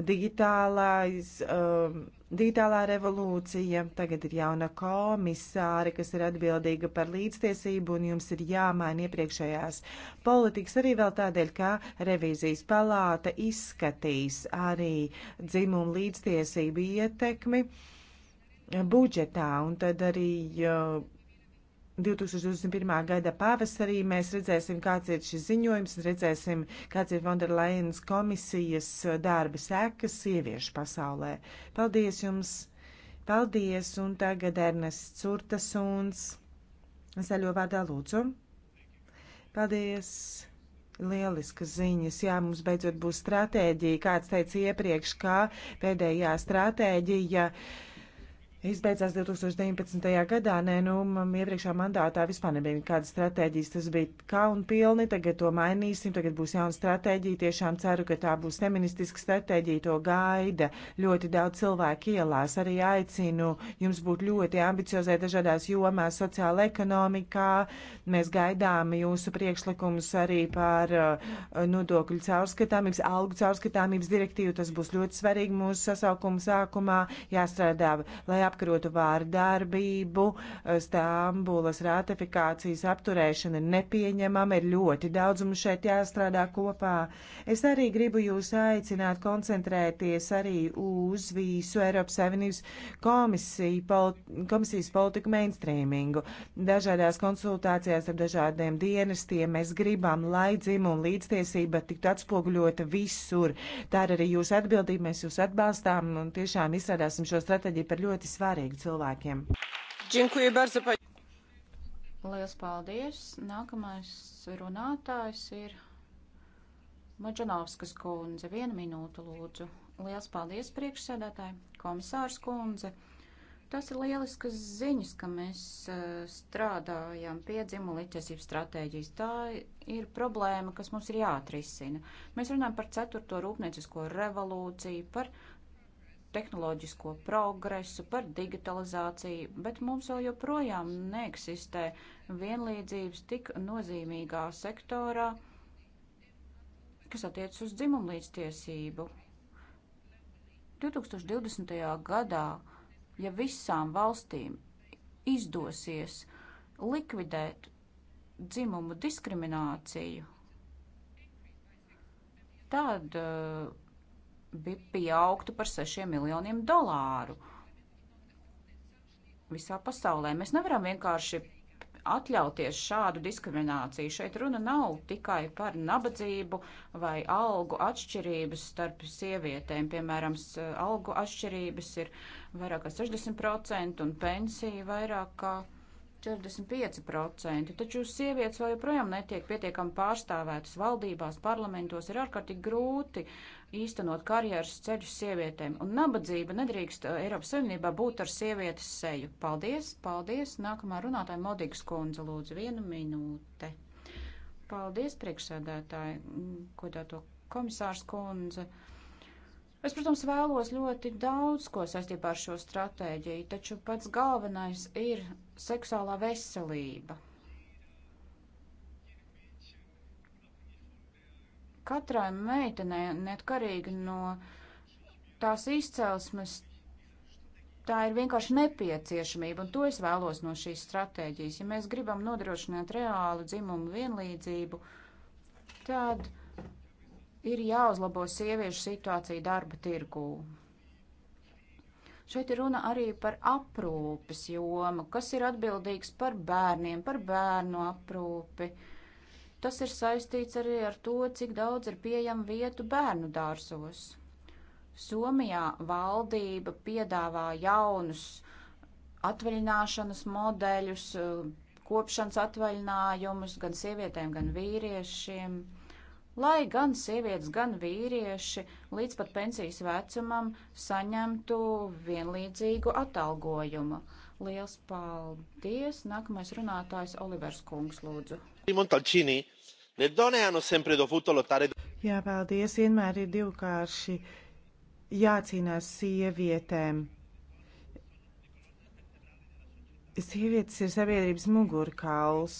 digitālais. Um, Digitālā revolūcija, tagad ir jauna komisāre, kas ir atbildīga par līdztiesību, un jums ir jāmaina iepriekšējās politikas arī vēl tādēļ, ka revīzijas palāta izskatīs arī dzimumu līdztiesību ietekmi budžetā, un tad arī 2021. gada pavasarī mēs redzēsim, kāds ir šis ziņojums, redzēsim, kāds ir Vonderlainas komisijas darba sekas sieviešu pasaulē. Paldies jums! Paldies! Un tagad Ernests Curtasuns. Zaļo vārdā lūdzu. Paldies! Lieliskas ziņas. Jā, mums beidzot būs stratēģija. Kāds teica iepriekš, kā pēdējā stratēģija. Ja izbeidzās 2019. gadā. Nē, nu, man iepriekšā mandātā vispār nebija nekādas stratēģijas. Tas bija kaunpilni, tagad to mainīsim, tagad būs jauna stratēģija. Tiešām ceru, ka tā būs feministiska stratēģija, to gaida ļoti daudz cilvēku ielās. Arī aicinu jums būt ļoti ambiciozē dažādās jomās, sociāla ekonomikā. Mēs gaidām jūsu priekšlikumus arī par uh, nodokļu caurskatāmības, algu caurskatāmības direktīvu. Tas būs ļoti svarīgi mūsu sasaukuma sākumā. Jāstrādā, lai apkarotu vārdarbību, Stambulas ratifikācijas apturēšana ir nepieņemama, ir ļoti daudz mums šeit jāstrādā kopā. Es arī gribu jūs aicināt koncentrēties arī uz visu Eiropas Savienības komisiju, politi komisijas politiku mainstreamingu. Dažādās konsultācijās ar dažādiem dienestiem mēs gribam, lai dzimuma līdztiesība tiktu atspoguļota visur. Tā ir arī jūsu atbildība, mēs jūs atbalstām un tiešām izstrādāsim šo strateģiju par ļoti svarīgu svarīga cilvēkiem. Lielas paldies! Nākamais runātājs ir Maģanovskas kundze. Vienu minūtu lūdzu. Lielas paldies priekšsēdētāji, komisārs kundze. Tas ir lielisks ziņas, ka mēs eh, strādājam pie dzimuma līdzjūtības stratēģijas. Tā ir problēma, kas mums ir jāatrisina. Mēs runājam par ceturto rūpniecisko revolūciju, par uh, tehnoloģisko progresu, par digitalizāciju, bet mums vēl joprojām neeksistē vienlīdzības tik nozīmīgā sektorā, kas attiec uz dzimumlīdztiesību. 2020. gadā, ja visām valstīm izdosies likvidēt dzimumu diskrimināciju, tad uh, pieaugtu par 6 miljoniem dolāru. Visā pasaulē mēs nevaram vienkārši atļauties šādu diskrimināciju. Šeit runa nav tikai par nabadzību vai algu atšķirības starp sievietēm. Piemēram, algu atšķirības ir vairāk kā 60% un pensija vairāk kā 45%. Taču sievietes vēl joprojām netiek pietiekami pārstāvētas valdībās, parlamentos. Ir ārkārtīgi grūti uh, īstenot karjeras ceļus sievietēm, un nabadzība nedrīkst eh, Eiropas Savienībā būt ar sievietes seju. Paldies, paldies! Nākamā runātāja Modigas kundze, lūdzu, vienu minūte. Paldies, priekšsēdētāji, mm, godāto komisārs kundze. Es, protams, vēlos ļoti daudz ko saistībā ar šo stratēģiju, taču pats galvenais ir seksuālā veselība. katrai meitenei, neatkarīgi no tās izcelsmes, tā ir vienkārši nepieciešamība, un to es vēlos no šīs stratēģijas. Ja mēs gribam nodrošināt reālu dzimumu vienlīdzību, tad ir jāuzlabo sieviešu situācija darba tirgū. Šeit ir runa arī par aprūpes jomu, kas ir atbildīgs par bērniem, par bērnu aprūpi. Uh, Tas ir saistīts arī ar to, cik daudz ir pieejama vietu bērnu dārzos. Somijā valdība piedāvā jaunus atvaļināšanas modeļus, kopšanas atvaļinājumus gan sievietēm, gan vīriešiem. Lai gan sievietes, gan vīrieši līdz pat pensijas vecumam saņemtu vienlīdzīgu atalgojumu. Liels paldies! Nākamais runātājs Olivers Kungs lūdzu. Jā, paldies. Vienmēr ir divkārši jācīnās sievietēm. Sievietes ir sabiedrības mugurkauls,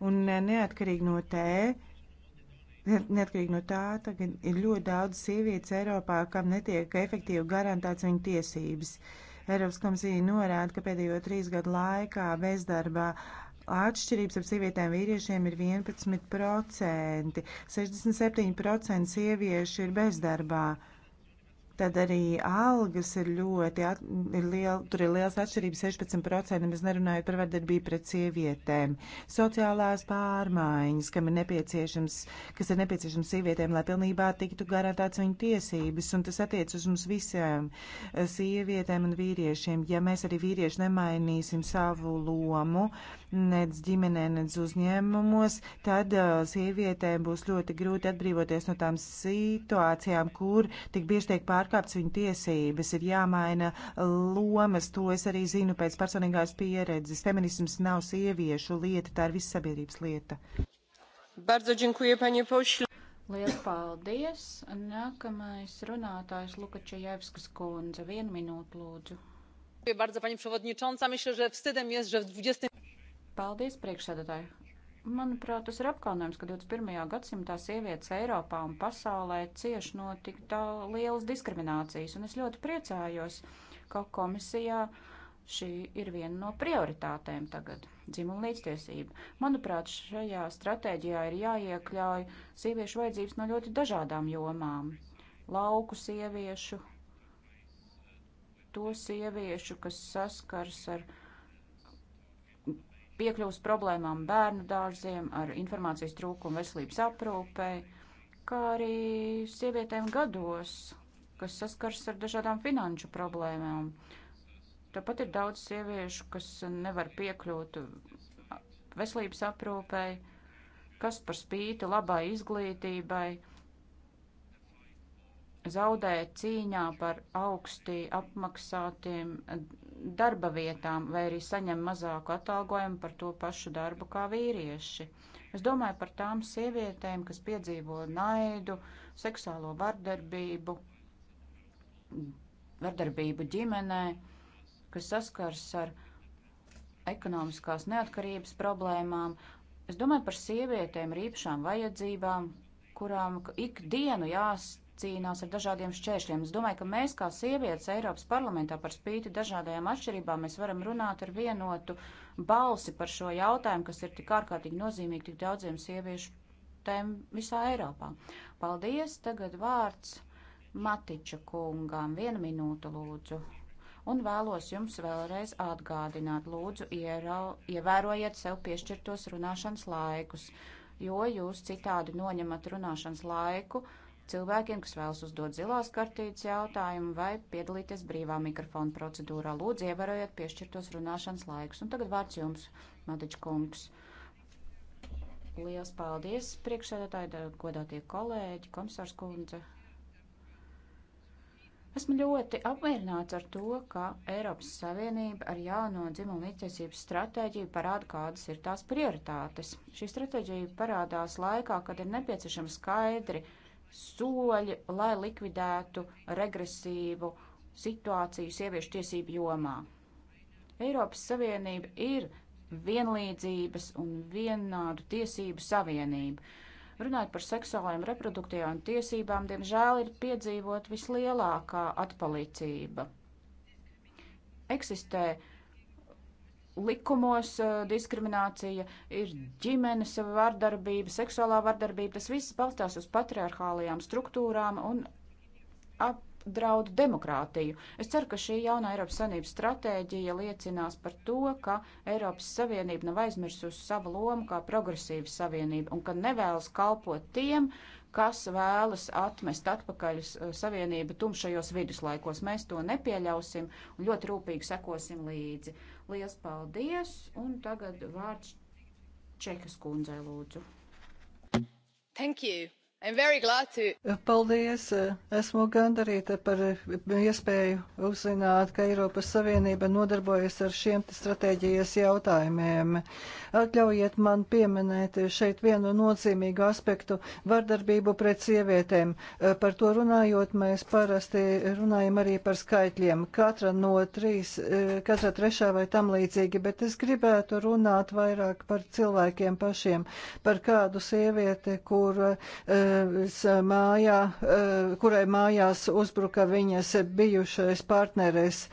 un eh, neatkarīgi no tē, Neatkarīgi no tā, tagad ir ļoti daudz sievietes Eiropā, kam netiek efektīvi garantēts viņu tiesības. Eiropas komisija norāda, ka pēdējo trīs gadu laikā bezdarba Atšķirības ar sievietēm vīriešiem ir 11%, 67% sieviešu ir bezdarbā. Tad arī algas ir ļoti, at, ir liel, tur ir liels atšķirības 16%, nemaz nerunājot par vardarbību pret sievietēm. Sociālās pārmaiņas, kam ir nepieciešams, kas ir nepieciešams sievietēm, lai pilnībā tiktu garantēts viņu tiesības, un tas attiec uz mums visiem eh, sievietēm un vīriešiem. Ja mēs arī vīrieši nemainīsim savu lomu, uh, nec ģimenē, nec uzņēmumos, tad uh, sievietēm būs ļoti grūti atbrīvoties no tām situācijām, kur tik bieži tiek pārkāpts viņu tiesības, ir jāmaina lomas, to es arī zinu pēc personīgās pieredzes. Feminisms nav sieviešu lieta, tā ir visas sabiedrības lieta. Bardzo dziękuję, panie pośle. Liels paldies! Nākamais runātājs Lukača Jevskas kundze. Vienu minūtu lūdzu. Dziękuję bardzo, pani przewodnicząca. Myślę, że wstydem jest, że w 20. Paldies, priekšsēdētāji! Manuprāt, tas ir apkaunojums, ka 21. gadsimtā sievietes Eiropā un pasaulē cieši no tik tā lielas diskriminācijas, un es ļoti priecājos, ka komisijā šī ir viena no prioritātēm tagad - dzimuma līdztiesība. Manuprāt, šajā stratēģijā ir jāiekļauj sieviešu vajadzības no ļoti dažādām jomām - lauku sieviešu, to sieviešu, kas saskars ar piekļuvas problēmām bērnu dārziem, ar informācijas trūkumu veselības aprūpei, kā arī sievietēm gados, kas saskars ar dažādām finanšu problēmām. Tāpat ir daudz sieviešu, kas nevar piekļūt veselības aprūpei, kas par spīti labai izglītībai zaudē cīņā par augstī apmaksātiem darba vietām vai arī saņem mazāku atalgojumu par to pašu darbu kā vīrieši. Es domāju par tām sievietēm, kas piedzīvo naidu, seksuālo vardarbību, vardarbību ģimenē, kas saskars ar ekonomiskās neatkarības problēmām. Es domāju par sievietēm ar īpašām vajadzībām, kurām ikdienu jās jācīnās ar dažādiem šķēršļiem. Es domāju, ka mēs kā sievietes Eiropas parlamentā par spīti dažādajām atšķirībām mēs varam runāt ar vienotu balsi par šo jautājumu, kas ir tik ārkārtīgi nozīmīgi tik daudziem sieviešu tēm visā Eiropā. Paldies! Tagad vārds Matiča kungām. Vienu minūtu lūdzu un vēlos jums vēlreiz atgādināt, lūdzu, ierau, ievērojiet sev piešķirtos runāšanas laikus, jo jūs citādi noņemat runāšanas laiku uh, cilvēkiem, kas vēlas uzdot zilās kartītes jautājumu vai piedalīties brīvā mikrofona procedūrā. Lūdzu, ievērojiet piešķirtos runāšanas laikus. Un tagad vārds jums, Matiņš Kungs. Lielas paldies, priekšsēdētāji, godātie kolēģi, komisārs Kundze. Esmu ļoti apmierināts ar to, ka Eiropas Savienība ar jauno dzimumu līdztiesības stratēģiju parāda, kādas ir tās prioritātes. Šī stratēģija parādās laikā, kad ir nepieciešama skaidri soļi, lai likvidētu regresīvu situāciju sieviešu tiesību jomā. Eiropas Savienība ir vienlīdzības un vienādu tiesību savienība. Runājot par seksuālajām reproduktīvām tiesībām, diemžēl ir piedzīvot vislielākā atpalicība. Eksistē uh, likumos eh, diskriminācija, ir ģimenes vardarbība, seksuālā vardarbība. Tas viss balstās uz patriarchālajām struktūrām un apdraud demokrātiju. Es ceru, ka šī jaunā Eiropas Savienības stratēģija liecinās par to, ka Eiropas Savienība nav aizmirsusi savu lomu kā progresīva savienība un ka nevēlas kalpot tiem, kas vēlas atmest atpakaļ eh, savienību tumšajos viduslaikos. Mēs to nepieļausim un ļoti rūpīgi sekosim līdzi. Liels paldies! Un tagad vārds Čekas kundzei lūdzu. Thank you. To... Paldies! Esmu gandarīta par iespēju uzzināt, ka Eiropas Savienība nodarbojas ar šiem stratēģijas jautājumiem. Atļaujiet man pieminēt šeit vienu nozīmīgu aspektu - vardarbību pret sievietēm. Par to runājot, mēs parasti runājam arī par skaitļiem. Katra no trīs, katra trešā vai tam līdzīgi, bet es gribētu runāt vairāk par cilvēkiem pašiem, par kādu sievieti, kur uh, mājā, eh, kurai mājās uzbruka viņas bijušais partneris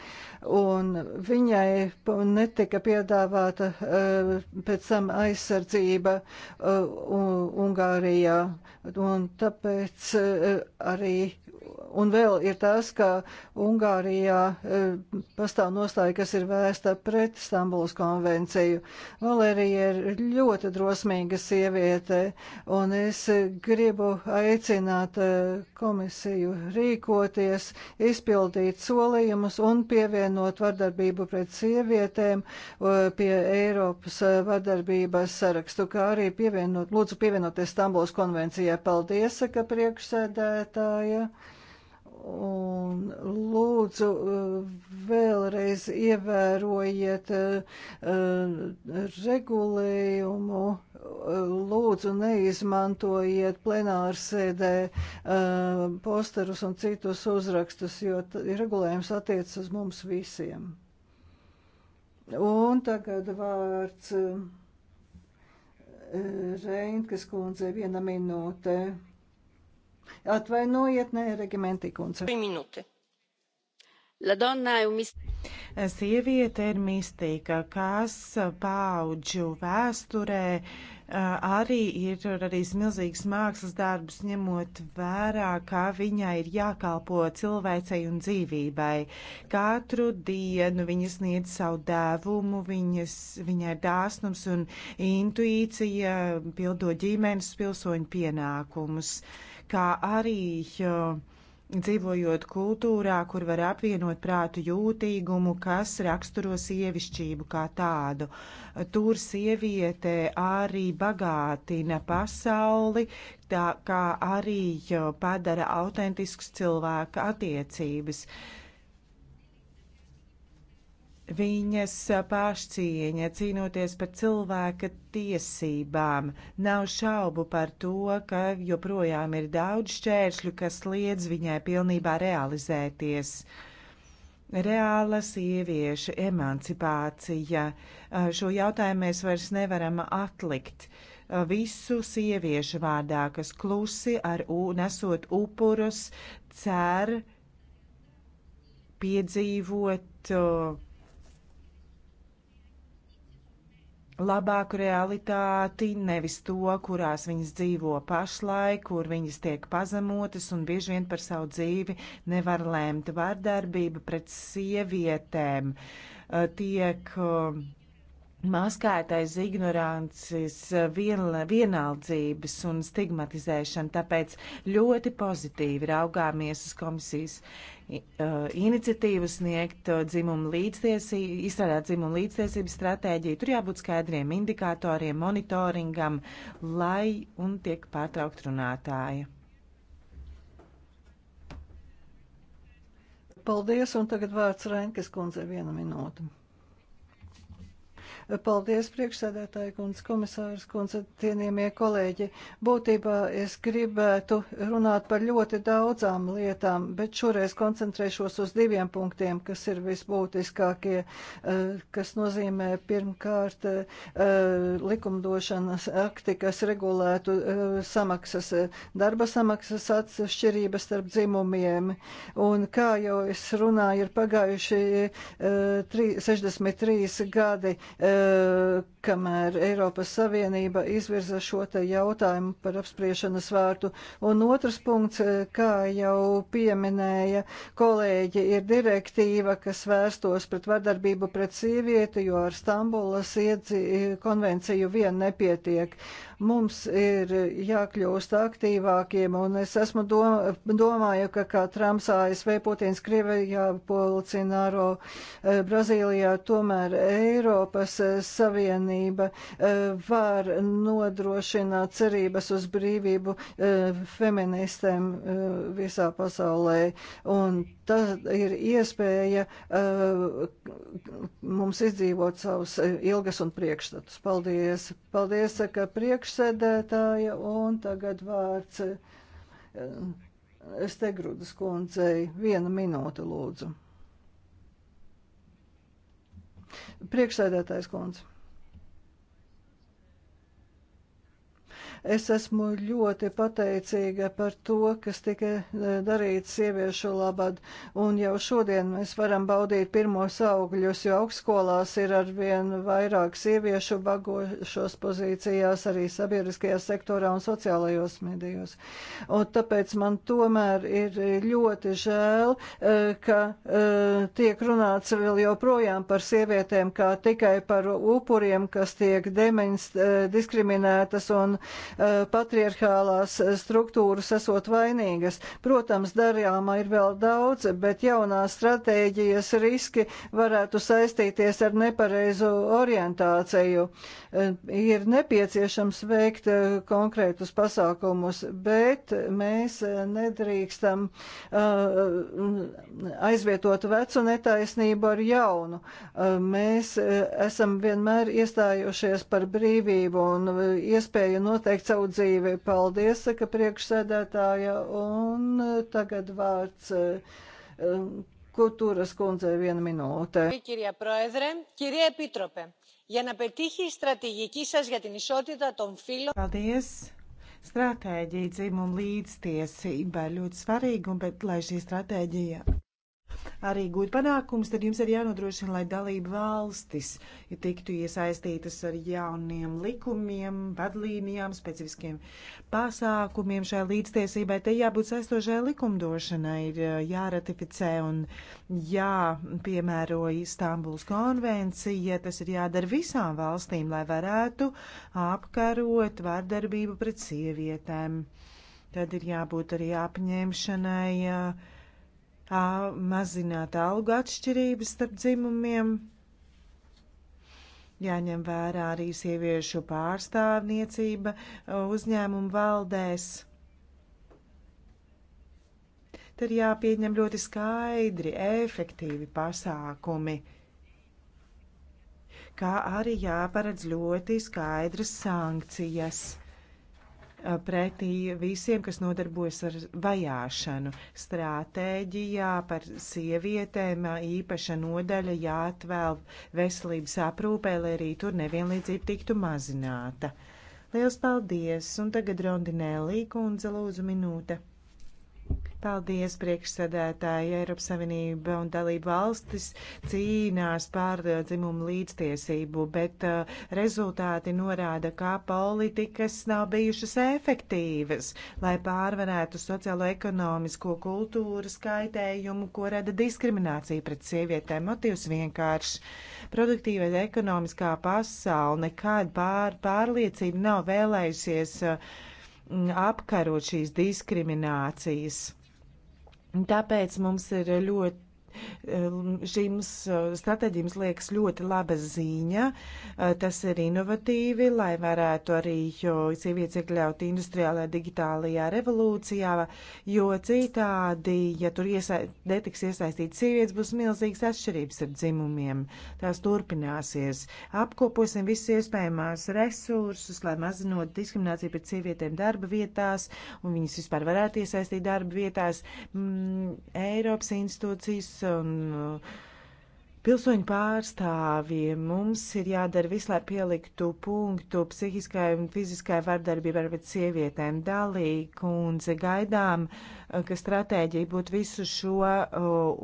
un viņai netika piedāvāta eh, pēc tam aizsardzība eh, Ungārijā. Un tāpēc eh, arī, un vēl ir tas, ka Ungārijā pastāv nostāja, kas ir vēsta pret Stambulas konvenciju. Valērija ir ļoti drosmīga sieviete, un es gribu aicināt komisiju rīkoties, izpildīt solījumus un pievienot atainot vardarbību pret sievietēm pie Eiropas vardarbības sarakstu, kā arī pievienot, lūdzu pievienoties Stambuls konvencijai. Paldies, saka priekšsēdētāja. Un lūdzu eh, vēlreiz ievērojiet eh, regulējumu, eh, lūdzu neizmantojiet plenārsēdē posterus un citus uzrakstus, jo regulējums attiecas uz mums visiem. Un tagad vārds Reinkas kundze viena minūte. Atvainojiet, nē, Regimentī kundze. Minūte. La donna è un Sieviete ir mistika, kas paudžu vēsturē eh, arī ir arī milzīgs mākslas darbs, ņemot vērā, ka viņai ir jākalpo cilvēcei un dzīvībai. Katru dienu viņa sniedz savu dēvumu, viņas, viņai ir dāsnums un intuīcija, pildot ģimenes pilsoņu pienākumus. Uh, kā arī uh, dzīvojot kultūrā, kur var apvienot prātu jūtīgumu, kas raksturo sievišķību kā tādu. Tur sieviete arī bagātina pasauli, tā kā arī uh, padara autentisks cilvēka attiecības. Uh, viņas pašcieņa, cīnoties par cilvēka tiesībām. Nav šaubu par to, ka joprojām ir daudz šķēršļu, kas liedz viņai pilnībā realizēties. Reāla sieviešu emancipācija. Šo jautājumu mēs vairs nevaram atlikt. Visu sieviešu vārdā, kas klusi ar u, nesot upurus, cer piedzīvot uh, labāku realitāti, nevis to, kurās viņas dzīvo pašlaik, kur viņas tiek pazemotas un bieži vien par savu dzīvi nevar lēmt. Vārdarbība pret sievietēm uh, tiek. Uh, maskētais ignorances, vien, vienaldzības un stigmatizēšana, tāpēc ļoti pozitīvi raugāmies uz komisijas uh, iniciatīvu sniegt dzimumu līdztiesību, izstrādāt dzimumu līdztiesību stratēģiju. Tur jābūt skaidriem indikatoriem, monitoringam, lai un tiek pārtraukt runātāja. Paldies, un tagad vārds Renkas kundzei viena minūte. Paldies, priekšsēdētāji kundze, komisārs kundze, cienījamie kolēģi. Būtībā es gribētu runāt par ļoti daudzām lietām, bet šoreiz koncentrēšos uz diviem punktiem, kas ir visbūtiskākie, eh, kas nozīmē pirmkārt eh, likumdošanas akti, kas regulētu eh, samaksas, darba samaksas atšķirības starp dzimumiem. Un kā jau es runāju, ir pagājuši 63 gadi Eh, kamēr Eiropas Savienība izvirza šo te jautājumu par apspriešanas vārtu. Un otrs punkts, eh, kā jau pieminēja kolēģi, ir direktīva, kas vērstos pret vardarbību pret sievieti, jo ar Stambulas iedzi, konvenciju vien nepietiek. Mums ir jākļūst aktīvākiem, un es esmu dom domāju, ka kā Trumps ASV, Putins Krievijā, Polcināro eh, Brazīlijā, tomēr Eiropas Savienība e, var nodrošināt cerības uz brīvību e, feministēm e, visā pasaulē. Un tas ir iespēja mums izdzīvot savus ilgas un priekšstatus. Paldies! Paldies, saka priekšsēdētāja, un tagad vārds Stegrudas kundzei. Viena minūte, lūdzu. Priekšsēdētājs kundze. Es esmu ļoti pateicīga par to, kas tika e, darīts sieviešu labad, un jau šodien mēs varam baudīt pirmos augļus, jo augstskolās ir arvien vairāk sieviešu bagošos pozīcijās, arī sabiedriskajā sektorā un sociālajos medijos. Un tāpēc man tomēr ir ļoti žēl, e, ka e, tiek runāts vēl joprojām par sievietēm kā tikai par upuriem, kas tiek demeņas diskriminētas un Eh, patriarchālās struktūras esot vainīgas. Protams, darāmā ir vēl daudz, bet jaunās stratēģijas riski varētu saistīties ar nepareizu orientāciju. Eh, ir nepieciešams veikt eh, konkrētus pasākumus, bet mēs nedrīkstam aizvietot vecu netaisnību ar jaunu. Mēs esam vienmēr iestājušies par brīvību un iespēju noteikt paveikt savu dzīvi. Paldies, saka priekšsēdētāja, un tagad vārds. Um, Kultūras kundzei viena minūte. Kirja Proedre, Kirja Epitrope, ja nepetihi strateģiki sas ja tin isotita ton filo. Paldies! Stratēģija dzimuma līdztiesība ļoti svarīga, bet lai šī stratēģija arī gūt panākums, tad jums ir jānodrošina, lai dalība valstis ja tiktu iesaistītas ar jauniem likumiem, vadlīnijām, specifiskiem pasākumiem šai līdztiesībai. Te jābūt saistošai likumdošanai, ir eh, jāratificē un jāpiemēro Istambuls konvencija. Tas ir jādara visām valstīm, lai varētu apkarot vardarbību pret sievietēm. Tad ir jābūt arī apņemšanai uh, mazināt algu atšķirības starp dzimumiem. Jāņem vērā arī sieviešu pārstāvniecība uh, uzņēmumu valdēs. Tad ir jāpieņem ļoti skaidri, efektīvi pasākumi, kā arī jāparedz ļoti skaidras sankcijas. Uh, pretī visiem, kas nodarbojas ar vajāšanu. Stratēģijā par sievietēm uh, īpaša nodaļa jāatvēl veselības aprūpē, lai arī tur nevienlīdzība tiktu mazināta. Liels paldies! Un tagad Rondinēlī kundze lūdzu minūte. Paldies, priekšsēdētāji. Eiropas Savienība un dalība valstis cīnās pār uh, dzimumu līdztiesību, bet uh, rezultāti norāda, kā politikas nav bijušas efektīvas, lai pārvarētu sociālo-ekonomisko kultūras kaitējumu, ko rada diskriminācija pret sievietēm. Motīvs vienkārši. Produktīva ekonomiskā pasaule nekāda pār, pārliecība nav vēlējusies uh, apkarot šīs diskriminācijas Tāpēc mums ir ļoti Ehm, Šīm eh, stratēģijām liekas ļoti laba ziņa. Eh, tas ir inovatīvi, lai varētu arī sievietes iekļaut industriālajā digitālajā revolūcijā, jo citādi, ja tur iesa netiks iesaistīts sievietes, būs milzīgas atšķirības ar dzimumiem. Tās turpināsies. Apkoposim visus iespējamās resursus, lai mazinot diskrimināciju pret sievietēm darba vietās un viņas vispār varētu iesaistīt darba vietās. Mm, Eiropas institūcijas un uh, pilsoņu pārstāvjiem mums ir jādara visu, lai pieliktu punktu psihiskai un fiziskai vardarbībai pret sievietēm. Dalī kundze gaidām, uh, ka stratēģija būtu visu šo uh,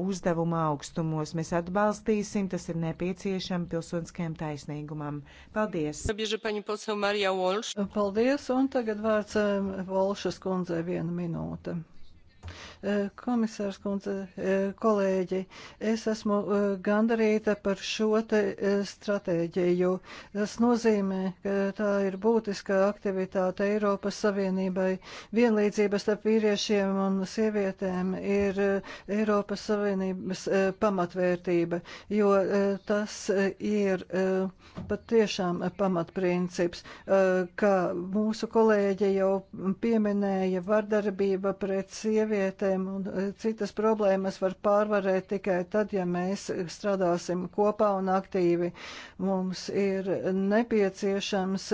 uzdevumu augstumos. Mēs atbalstīsim, tas ir nepieciešams pilsoniskajam taisnīgumam. Paldies! Paldies, un tagad vārds Volšas um, kundzei viena minūte. Eh, komisārs kundze, eh, kolēģi, es esmu eh, gandarīta par šo te stratēģiju. Tas nozīmē, ka tā ir būtiska aktivitāte Eiropas Savienībai. Vienlīdzības starp vīriešiem un sievietēm ir Eiropas Savienības pamatvērtība, jo tas ir patiešām pamatprincips, kā mūsu kolēģi jau pieminēja vardarbība pret sievietēm deficītiem un e, citas problēmas var pārvarēt tikai tad, ja mēs strādāsim kopā un aktīvi. Mums ir nepieciešams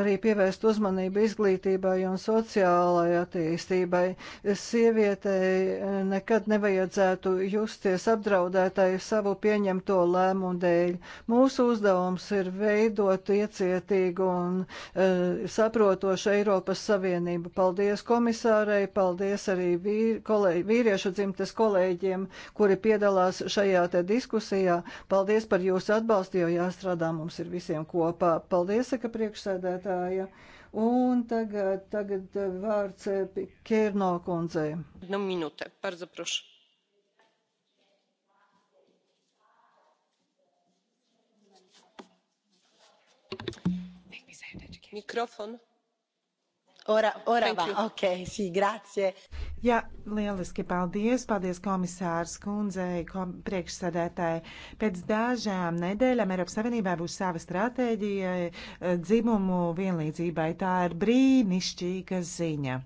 arī pievērst uzmanību izglītībai un sociālai attīstībai. Sievietei nekad nevajadzētu justies apdraudētai savu pieņemto lēmumu dēļ. Mūsu uzdevums ir veidot iecietīgu un e, saprotošu Eiropas Savienību. Paldies komisārei, paldies arī vīri, kolēģi, vīriešu dzimtes kolēģiem, kuri piedalās šajā te diskusijā. Paldies par jūsu atbalstu, jo jāstrādā mums ir visiem kopā. Paldies, saka priekšsēdētāja. Un tagad, tagad vārds eh, Kērno kundzei. Nu, minūte, par zaprošu. mikrofon Ora, oravā, ok, sī, grācie. Jā, lieliski paldies, paldies komisārs kundzei, kom, priekšsadētāji. Pēc dažām nedēļām Eiropas Savienībā būs sava stratēģija eh, dzimumu vienlīdzībai. Tā ir brīnišķīga ziņa.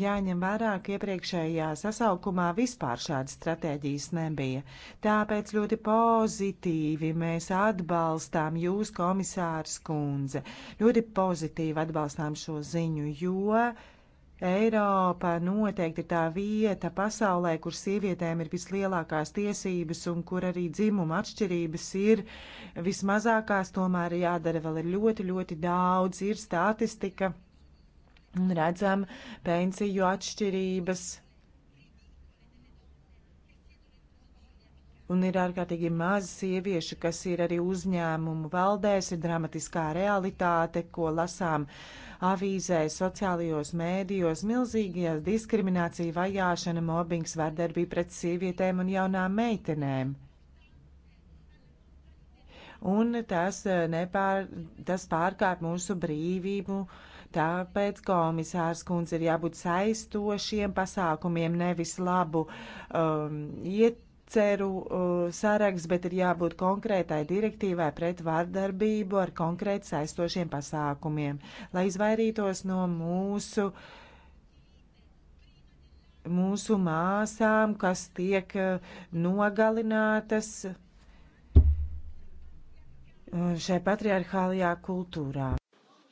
Jāņem vērā, ka iepriekšējā sasaukumā vispār šādas stratēģijas nebija. Tāpēc ļoti pozitīvi mēs atbalstām jūs, komisārs Kunze. Ļoti pozitīvi atbalstām šo ziņu, jo Eiropa noteikti ir tā vieta pasaulē, kur sievietēm ir vislielākās tiesības un kur arī dzimuma atšķirības ir vismazākās, tomēr jādara vēl ir ļoti, ļoti daudz, ir statistika un redzam pensiju atšķirības. Un ir ārkārtīgi maz sieviešu, kas ir arī uzņēmumu valdēs, ir dramatiskā realitāte, ko lasām avīzē, sociālajos mēdījos, milzīgās diskriminācija, vajāšana, mobbings, vardarbība pret sievietēm un jaunām meitenēm. Un tas, eh, nepār, tas pārkāp mūsu brīvību. Uh, Tāpēc komisārs kundze ir jābūt saistošiem pasākumiem, nevis labu um, iet ceru uh, saraksts, bet ir jābūt konkrētai direktīvai pret vārdarbību ar konkrēti saistošiem pasākumiem, lai izvairītos no mūsu, mūsu māsām, kas tiek uh, nogalinātas uh, šai patriarchālajā kultūrā.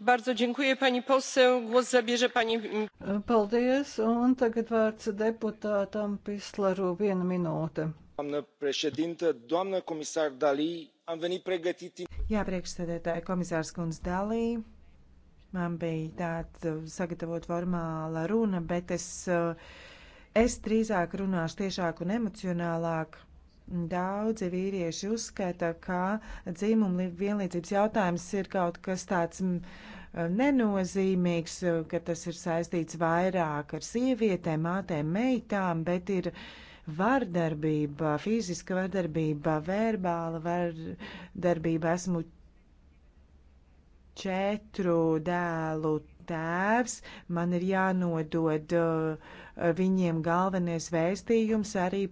Bardzo dziękuję pani poseł. Głos zabierze pani. Paldies, un tagad vārds deputātam Pislaru viena minūte. Doamnă președintă, doamnă comisar Dali, am venit pregătit. Jā, priekšsēdētāja komisārs Kunz Dali, man bija tāda uh, sagatavot formāla runa, bet es, uh, es drīzāk runāšu tiešāk un emocionālāk. Daudzi vīrieši uzskata, ka dzimuma vienlīdzības jautājums ir kaut kas tāds mm, nenozīmīgs, ka tas ir saistīts vairāk ar sievietēm, mātēm, meitām, bet ir vardarbība, fiziska vardarbība, verbāla vardarbība. Esmu četru dēlu tēvs, man ir jānodod uh, viņiem galvenais vēstījums arī par